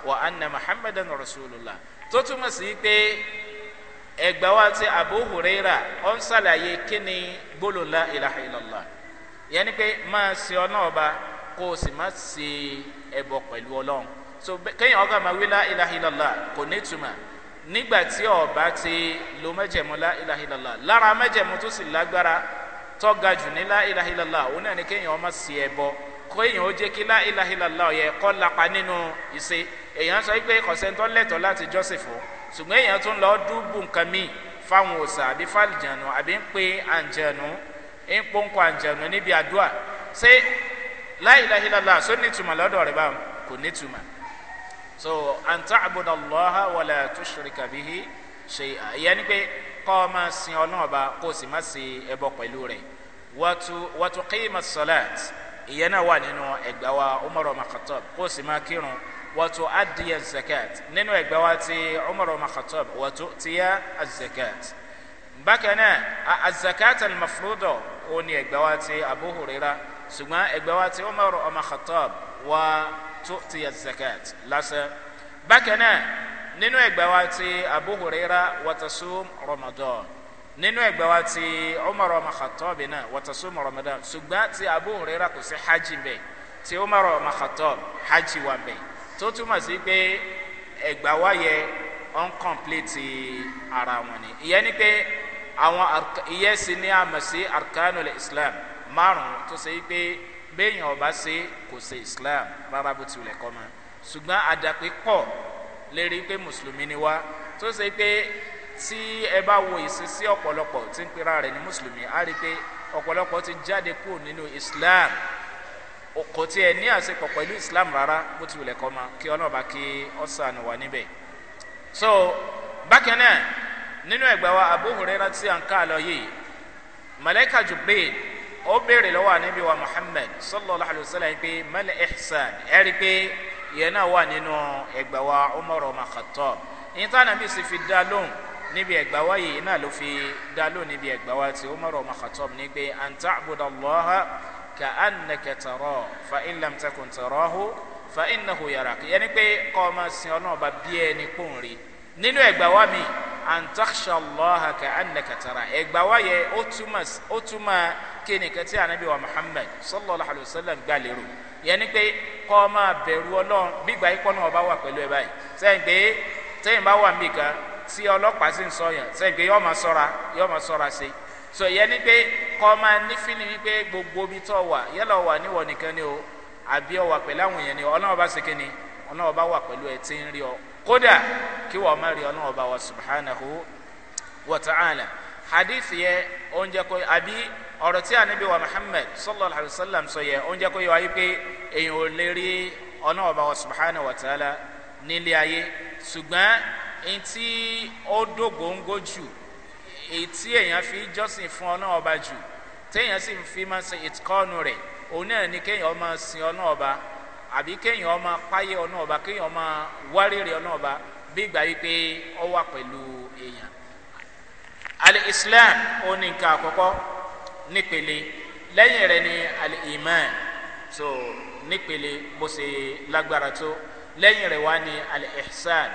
S2: wa anna muhammadan rasulillah tó túmọ̀ sí pé ẹgbẹ́ wa ti abu huraira ó ń ṣàlàyé kí ni gbólóńlá ilaha illallah yẹn pé máa ṣe ọ náà ba kó o sì má ṣe ẹbọ pẹ̀lú ọlọ́run so kéèyàn ọgá máa wí lá ilaha illallah kò ní túmọ̀ nígbà tí ọba ti lo mẹ́jẹ̀mú lá ilaha illallah lára mẹ́jẹ̀mú tó sì lágbára tọ́ga jù ní láìláhìlálà òun náà ni kéèyàn ọmọ sí ẹ bọ kó èèyàn ó jẹ́ kí láìláhìlálà yẹ kọ́ lapa nínú ìṣe èèyàn sọ pé kọ̀sẹ́ńtọ́ lẹ́tọ̀ọ́ láti jọ́sìn fún ṣùgbọ́n èèyàn tún lọ dúbù nǹkan fáwọn òòsà àbí fàlìjànù àbí ń pe àǹjẹ̀nù ń pọ́nkọ àǹjẹ̀nù níbi àdúrà ṣé láìláhìlálà só nítumọ̀ lọ́dọ̀ rẹ̀ báwọn kò nítumọ̀ so àǹtá àbúdàlọ́hà wọlé àtúnṣe ṣe ìyẹn ni pé kọ́ ọ máa sin ọlọ́ọ̀ba kó o sì má se ẹbọ pẹ̀lú rẹ̀ watu watu qima salat ìyẹn náà wà nínú ẹgbà wa umar makhatab kó sì máa kírun watu adiya zakat nínú ẹgbà wa ti umar makhatab watu tiya zakat bákan náà azakat almafrudo ó ní ẹgbà wa ti abu hurera ṣùgbọ́n ẹgbà ti umar makhatab wa tu tiya zakat lásán bákan náà nínú ti abu hurera wata ramadan nínú ẹgbẹ́ wa ti umar ọmọ khatob náà wọ́n tẹ̀sọ́ umar ramadan ṣùgbọ́n ti abu hurera kò sí hajj mbẹ́ ti umar ọmọ khatob hajj wà mbẹ́ tó túmọ̀ sí pé ẹgbà wa yẹ uncomplete ara wọn ni ìyẹn ni pé àwọn ìyẹn sì ní àmọ̀ sí arkanul islam márùn-ún tó ṣe pé béèyàn ọba ṣe kò islam rárá bó ti wulẹ̀ kọ́ mọ́ ṣùgbọ́n àdàpé pọ̀ lérí pé ni wá tó ṣe pé tí ẹ bá wo ìṣesí ọ̀pọ̀lọpọ̀ tí ń pera rẹ̀ ní mùsùlùmí á rí i pé ọ̀pọ̀lọpọ̀ ti jáde kúrò nínú islam kò tí ẹ ní àṣepọ̀ pẹ̀lú islam rárá bó ti wulẹ̀ kọ́ ma kí ọlọ́ọ̀bá kí ọ̀sán wà níbẹ̀ so bákan náà nínú ẹgbẹ́ wa abúhùrẹ́rẹ́ tí a ń ká lọ yìí mọ̀lẹ́kà jubril ó béèrè lọ́wọ́ àníbi wa muhammed sallallahu alayhi wa sallam pé mẹ́lẹ̀ ihsan ẹ rí i pé ìyẹn náà wà nínú ẹgbẹ́ wa umar ọmọ khattab ìyẹn tí a nàbí sì fi dá lóhùn níbi ẹ̀gbá wa yìí náà ló fi dá lónìí níbi ẹ̀gbá wa tí ó mọ̀rọ̀ ọmọkàtọ́ ní pé àǹtá àbúdá lọ́ha ka annaka tarọ fa in lam takun tarọhu fa innahu yarak yẹni pé kọ́ ọmọ sin ọ náà bá bí ẹni pòun rí nínú ẹ̀gbá wa mi àǹtàkṣà lọ́ha ka annaka tarọ ẹ̀gbá wa yẹ ó túmọ̀ kí nìkan tí anabi wa muhammed sallallahu alayhi wa sallam gbà lérò yẹni pé kọ́ ọmọ bẹ̀rù ọlọ́run gbígbà ikọ́ náà bá wà pẹ̀lú ẹ báyìí sẹ́yìn pé sẹ́yìn bá wà mí kan tí ọlọ́pàá sì ń sọ yàn sẹ́gbẹ́ yọ́ọ́ máa sọ́ra yọ́ọ́ máa sọ́ra sí i so yẹn ni pé kọ́ máa nífìlì wípé gbogbo omi tó wà yálà wà níwọ̀ nìkan ni o àbí ọwà pẹ̀lú àwọn èèyàn ni ọlọ́wọ́ bá sèké ni ọlọ́wọ́ bá wà pẹ̀lú ẹ̀ tí ń rí ọ kódà kí wọ́n má rí ọlọ́wọ́ bá wà subhanahu wa ta'ala hadith yẹ oúnjẹ kọ́ àbí ọ̀rọ̀ tí anabi wa muhammed sallallahu alayhi wa sallam sọ yẹ oúnjẹ kọ́ yẹ wáyé pé èèyàn ò lè rí ọlọ́wọ́ bá wà subhanahu wa ta'ala nílé ayé ṣùgbọ́n èyí tí ó dògóńgó jù èyí tí èèyàn fi jọ́sìn fún ọ náà ọba jù téèyàn sì fi máa ṣe ìtìkọ́nu rẹ̀ òun náà ni kéèyàn máa sin ọ náà ọba àbí kéèyàn máa páyé ọ náà ọba kéèyàn máa wárìrì ọ náà ọba bí ìgbà yìí pé ọ wà pẹ̀lú èèyàn. alẹ́ islam oni ní nǹkan àkọ́kọ́ nípele lẹ́yìn ni alẹ́ iman so nípele bó ṣe lágbára tó lẹ́yìn rẹ̀ wá ní ihsan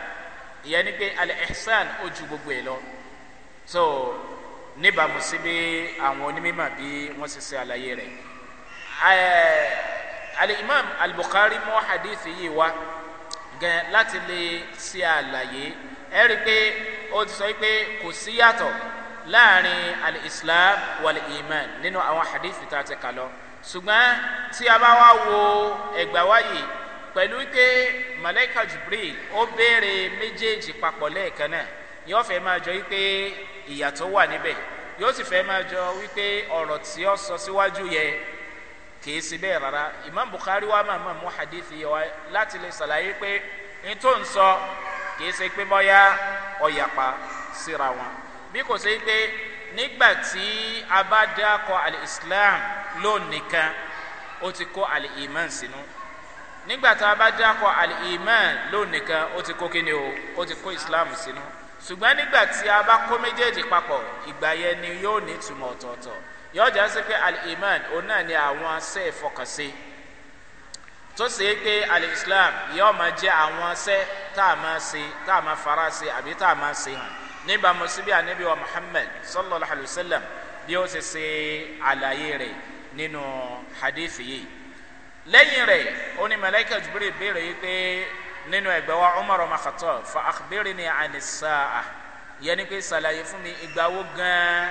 S2: ìyẹn ni pé al-ihsan ó ju gbogbo ẹ̀ lọ so níbàámu sí bí àwọn onímọ̀ bí wọ́n ṣe ṣe àlàyé rẹ̀ al-imam al-bukhari mú hadithi yìí wá gan láti lè ṣe àlàyé ẹ rí i pé ó ti sọ pé kò sí yàtọ̀ láàrin al-islam wal-iman nínú àwọn hadithi tá a ti kà lọ ṣùgbọ́n tí a bá wá wo ẹgbàá wáyé pẹ̀lú pé malayika Jubril, ó béèrè méjèèjì papọ̀ lẹ́ẹ̀kan náà yóò fẹ́ máa jọ wípé ìyàtọ̀ wà níbẹ̀ yóò sì fẹ́ máa jọ wípé ọ̀rọ̀ tí ó sọ síwájú yẹ kìí sí bẹ́ẹ̀ rárá imam bukhari wa mama máa mú hadith yẹ wá láti lè ṣàlàyé pé n tó ń sọ kìí ṣe pé bọ́yá ọ̀yàpá síra wọn bí kò ṣe pé nígbà tí a bá dákọ̀ alìsílám lónìí kan ó ti kó alìmán sínú. Si nígbà tá a bá dákọ̀ al-iman lónìkan ó ti kó kíni o ó ti kó islam sínú ṣùgbọ́n nígbà tí a bá kó méjèèjì papọ̀ ìgbà yẹn ni yóò ní ìtumọ̀ ọ̀tọ̀ọ̀tọ̀ yóò já sí pé al-iman òun náà ni àwọn asẹ́ ìfọkànsí tó ṣe é pé al-islam yóò máa jẹ́ àwọn asẹ́ tá a máa ṣe tá a máa fara ṣe àbí tá a máa ṣe hàn níbàámu síbi ànábi wa muhammed sallallahu alayhi wa sallam bí ó ṣe ṣe àlàyé rẹ̀ nínú hadith yìí lẹ́yìn rẹ̀ ó ní mẹlẹ́kà jubiri béèrè yìí pé nínú ẹgbẹ́ wa umar ọmọ khatọ fa akhbiri ni anisaa yẹni pé sàlàyé fún mi ìgbà wo gan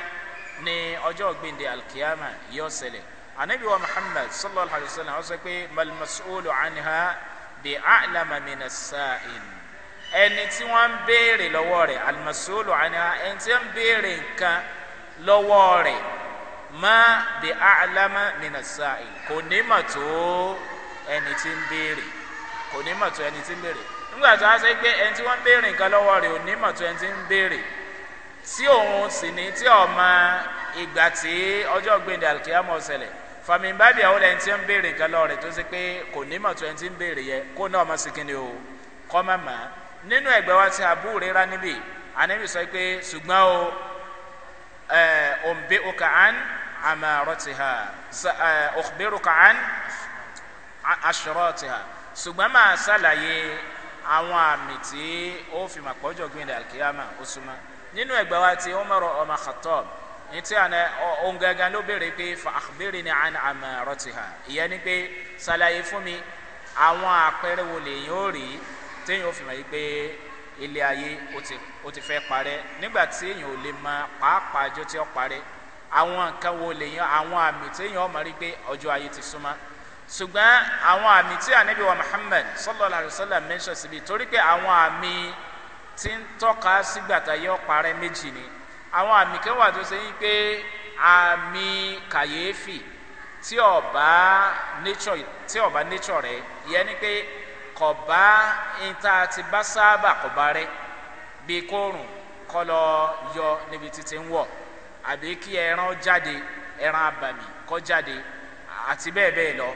S2: ni ọjọ́ gbèndé alkiyama yóò ṣẹlẹ̀ anabi wa muhammad sallallahu alayhi wa sallam ọ sọ pé malmasuulu anha bi alama mina sa'in ẹni tí wọ́n ń béèrè lọ́wọ́ rẹ̀ almasuulu anha ẹni tí wọ́n ń béèrè nǹkan lọ́wọ́ rẹ̀. ma bi alama minasai ko kò ní mà tó ẹni tí ń béèrè kò ní mà ẹni tí ń béèrè nígbà tó a ṣe pé ẹni tí wọ́n ń béèrè nǹkan lọ́wọ́ rẹ̀ ò ní mà tó ẹni tí ń béèrè tí òun sì ní tí ọmọ ìgbà tí ọjọ́ gbẹ̀ndẹ̀ àlùkìyàmọ̀ ṣẹlẹ̀ fàmì bábí àwọn ẹni tí ń béèrè nǹkan lọ́wọ́ rẹ̀ tó ṣe pé kò ní mà ẹni tí ń béèrè yẹ kó ọmọ sí kíni o kọ́ má má nínú ẹgbẹ́ wa ti àbúrò rira níbí sọ pé o òkà án amaratiha ọ̀kùnbẹ́rùkà án aṣọ́rọ̀tìhà ṣùgbọ́n máa ṣàlàyé àwọn àmì tí ó fi mà pọ́jọ́ gbìndé alkiyama ó súnmọ́ nínú ẹgbẹ́ wa ti ọmọrọ ọmọ khatob ní tí àná ohun gangan ló béèrè pé fa àkùnbẹ́rì ni án amaratiha ìyẹn ni pé ṣàlàyé fún mi àwọn àpẹẹrẹ wo lèyìn ó rí téèyàn ó fi mà yí pé ilé ayé ó ti fẹ́ parẹ́ nígbà tí èèyàn ò lè mọ pàápàá ijó tí ó parẹ́ àwọn nǹkan wo lèyàn àwọn àmì téèyàn ọmọ rí pé ọjọ́ ayé ti súnmọ́ ṣùgbọ́n àwọn àmì tí anabi wa muhammed sallallahu alayhi wa sallam mention síbi torí pé àwọn àmì ti ń tọ́ka sígbàtà yọ parẹ́ méjì ni àwọn àmì kan wà tó ṣe yín pé àmì kàyéfì tí ọba nature tí ọba nature rẹ yẹ ni pé kọba níta ti bá sábà kọba rẹ bí kórùn kọlọ yọ níbi títí ń wọ̀ àbí kí ẹran jáde ẹran abàmì kọ́ jáde àti bẹ́ẹ̀ bẹ́ẹ̀ lọ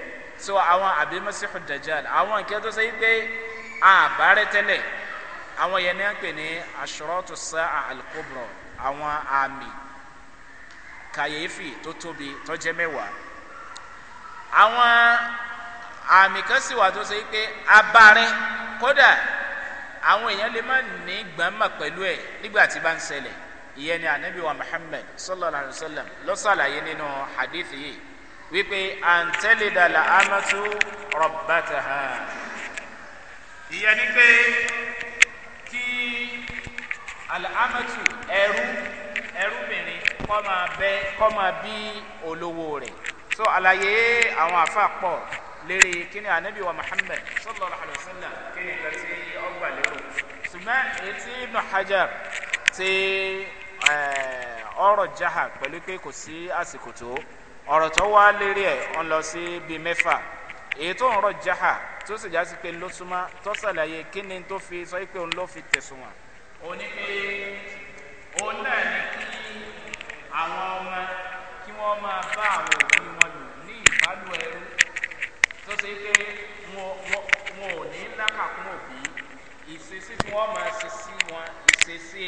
S2: so àwọn àbí masihu dajjal àwọn nǹkan tó ṣe pé àbárẹ́ tẹ́lẹ̀ àwọn yẹn ní à ń pè ní aṣọ́rọ́tò sá àlùkòbọ̀rọ̀ àwọn àmì kàyéfì tó tóbi tó jẹ́ mẹ́wàá àwọn àmì kan sì wà tó ṣe pé abárẹ́ kódà àwọn èèyàn lè má ní gbàmà pẹ̀lú ẹ̀ nígbà tí bá ń ṣẹlẹ̀ ìyẹn ni anabi wa muhammed sallallahu alayhi wa sallam ló sàlàyé nínú hadith yìí wípé àǹtẹ̀lẹ̀dàlà amatu rọ̀bàtàhà. ìyẹn ni pé kí alamatu ẹrú ẹrúbìnrin kọ́ máa bẹ́ kọ́ máa bí olówó rẹ̀ so àlàyé àwọn àfa pọ̀ lérí kíni anabi wa muhammed sallallahu alayhi wa sallam kíni kan tí ọgbà lérò ṣùgbọ́n etí ibn hajar ti. Eh, ọ̀rọ̀ jaha pẹ̀lú pé kò sí àsìkò tó ọ̀rọ̀ tó wá lérí ẹ̀ ń lọ sí bíi mẹ́fà èyí tó ń rọ̀ jaha tó sì já sí pé ló súnmọ́ tó ṣàlàyé kí ni tó fi sọ pé òun ló fi tẹ̀sùn wọn. òní pé òun náà ní kí àwọn ọmọ kí wọ́n máa bá àwọn òbí wọn lò ní ìbálò ẹrú tó ṣe pé wọn ò ní lákàkún òbí ìṣesí tí wọ́n máa ṣe sí wọn ìṣesí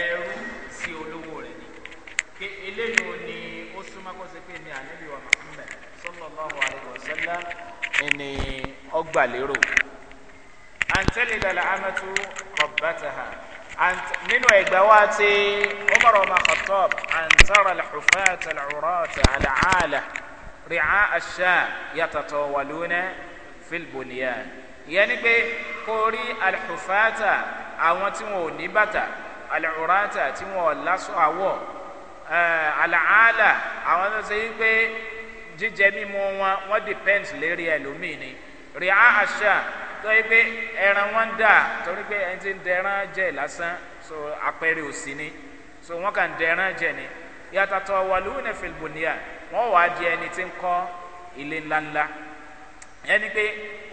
S2: ẹrú eléyìí ò ní ó súnmọ́ kó ṣe pé ní ànábì wa muhammed sallallahu alayhi wa sallam ni ọgbà lérò àǹtẹ̀lẹ̀ dàlẹ́ amẹ́tú rabbataha nínú ẹgbẹ́ wa ti umar ọmọ khatab àǹtẹ̀rẹ̀ alḥufat alḥurat alḥala rìcá aṣá yàtọ̀tọ̀ wàlúnà filbuniyan ìyẹn ni pé kó rí alḥufata àwọn tí wọn ò ní bàtà alḥurata tí wọn ò lásọ àwọ̀. Eh, àlàálà àwọn tó ṣe wípé jíjẹ mímu wọn wọn depend lérí ẹlòmíì ni rìá àṣà tó yẹ pé ẹran wọn dà torí pé ẹni tí ń dẹran jẹ lásán so àpẹẹrẹ òsì ni so wọn kàn dẹran jẹ ni yàtọ̀tọ̀ wàlúùnẹ fìlbùnìyà wọn wàá di ẹni tí ń kọ́ ilé ńláńlá ẹni pé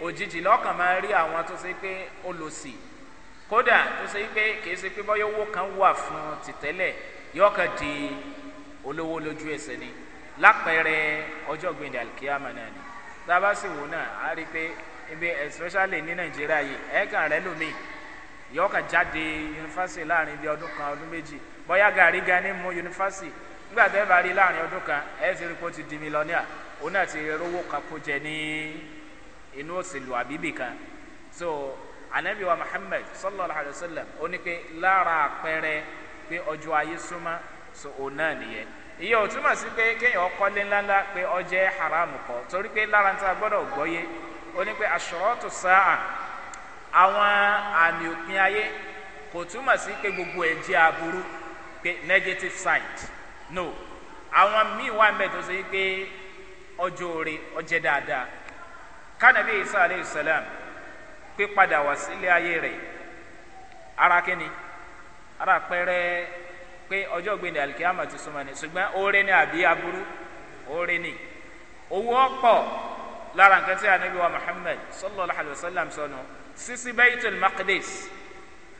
S2: òjijì lọ́kàn máa rí àwọn tó ṣe pé ó lò sí kódà tó ṣe pé kì í ṣe pé bọ́yọ̀ owó kan wà fún tìtẹ́lẹ̀ yọkàn di olówó lójú ẹsẹ̀ ni lápẹẹrẹ ọjọ́ gbẹ̀ndẹ̀ alikiyama náà ni tába sì wò náà a rí i pé ibi especially ní nàìjíríà yìí ẹ̀ẹ̀kan rẹ lómi yọkàn jáde yunifásitì láàrin bíi ọdún kan ọdún méjì bóyá gàrí gan ni mu yunifásitì nígbà tẹ́ bá rí láàrin ọdún kan ẹ̀ ti rí pé ó ti di mílíọ̀nìà òun náà ti rówó kakó jẹ ní inú òṣèlú àbíbì kan so anabi wa muhammed sallallahu alayhi wa sallam ó ní pé lára àpẹẹrẹ pé ọjọ́ ayé súnmọ́ so òun náà nìyẹn ìyẹn ò túmọ̀ sí pé kéèyàn kọ́lé ńláńlá pé ọjẹ́ haram kọ́ torí pé lára tí a gbọ́dọ̀ gbọ́yé ó ní pé aṣọ́rọ́tò sáà àwọn àmì òpin ayé kò túmọ̀ sí pé gbogbo eji aburu aburú pé negative side no àwọn míì wà mẹ́ tó pé ọjọ́ orí ọjẹ́ dáadáa kánàbí isa pé padà wá sílé ayé rẹ̀ ara pẹrẹ pé ọjọ́ gbẹ̀ndé alikiyama ti súnmọ́ ni ṣùgbọ́n oore ni àbí aburú oore ni owó ọ̀pọ̀ lára nǹkan tí anabi wa muhammed sallallahu alayhi wa sallam sọnù sisi baitul maqdis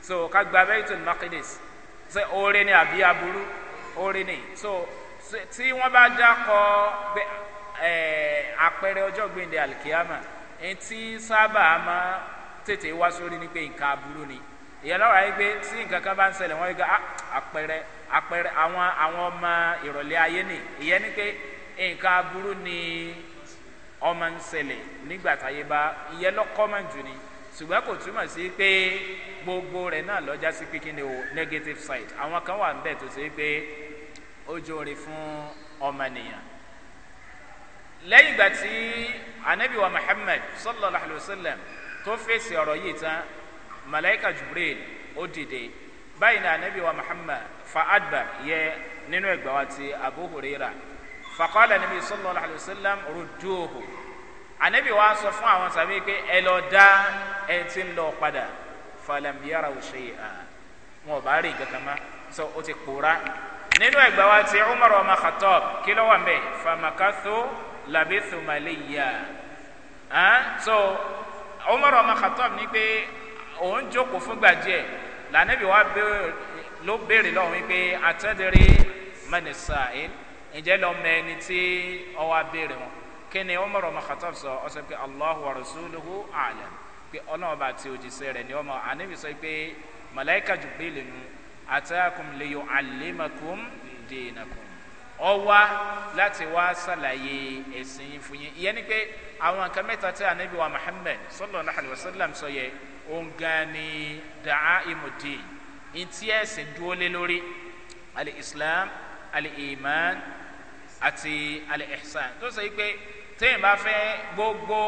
S2: so ka gba baitul maqdis ṣe oore ni àbí aburú oore ni so tí wọ́n bá dákọ̀ àpẹẹrẹ ọjọ́ gbẹ̀ndé alikiyama etí sábà máa tètè wá sórí ni pé nǹkan aburú ni ìyẹn lọ́wọ́ ayé pé tí nǹkan kan bá ń ṣẹlẹ̀ wọ́n yí ká ah, àpẹẹrẹ àpẹẹrẹ àwọn àwọn ọmọ ìrọ̀lẹ́ ayé nì ìyẹn ni pé nǹkan aburú ni ọmọ ń ṣẹlẹ̀ nígbà táyé bá ìyẹn lọ́kọ́ máa jù ni ṣùgbọ́n kò túmọ̀ sí pé gbogbo rẹ̀ náà lọ́jà sí pé kí ni o negative side àwọn kan wà níbẹ̀ tó ṣe pé ó jóore fún ọmọnìyàn lẹ́yìn ìgbà tí anabiwa muhammed sallallahu alayhi wa sallam tó fèsì ọ̀rọ̀ yìí tán malaika jibril ó dìde báyìí ní anabi wa muhammad fa adba yẹ nínú ẹgbà wa ti abu huraira fakọ́lá níbi sallallahu alayhi wa sallam rudúhù anabi wa sọ fún àwọn sàmì pé ẹ lọ dá ẹ ti ń lọ padà falamiyara ṣe à wọn ò bá rí nǹkan kan mọ́ sọ ó ti kóra nínú ẹgbà umar ọmọ khatab kí ló mbẹ famakatho labithumaliya so umar ọmọ khatab ní pé òun jókòó fúngbà díẹ̀ lànàbí wa ló béèrè lọ́wọ́ wípé àtẹ́dẹ́rẹ́ mẹ́nìsà ǹjẹ́ lọ mọ ẹni tí ọwọ́ abéèrè wọn kí ni ọmọ rọ̀ mọ̀kàtọ́f sọ ọ sọ pé allahu wa rasuluhu alẹ́ pé ọlọ́run bá ti òjìṣẹ́ rẹ̀ ni ọmọ ànàbí sọ pé mọ̀láìkà jùbìlì nu àtàkùn lè yọ àlèmàkùn dènàkùn ọwá láti wá sàlàyé ẹ̀sìn fún yín ìyẹn ni pé àwọn nǹkan mẹ́ta tí ongan ni da'a imudi nti ẹsẹ duole lórí ali islam ali iman àti ali ihsan tó sọ yìí pé téèyàn bá fẹ́ gbogbo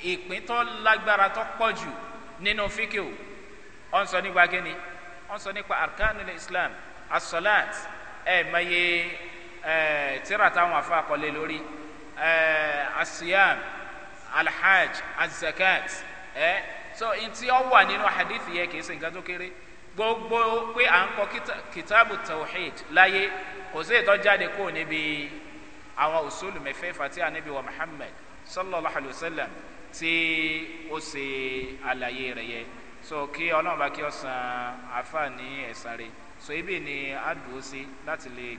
S2: ìpín tó lágbára tó pọ̀ jù nínú fíkìw ọ̀n sọ nípa kíni ọ̀n sọ nípa arkanu islam asolat ẹ̀ mẹ́yẹ ẹ̀ tíra táwọn afa kọ́lé lórí ẹ̀ asiyam alhaj azakat ẹ̀. Eh, so ntí ọ wà nínú hadithi yẹ kìí ṣe nǹkan tó kéré gbogbo pé à ń kọ kitabu tawhid láyé kò sí ìtọ́ jáde kó níbi àwọn òṣòlù mẹ́fẹ́fà tí anabi wa muhammed sallallahu alayhi wa sallam tí ó ṣe àlàyé rẹ̀ yẹ so kí ọlọ́run bá kí ọ san àfa so ibi ni a dùn ó sí láti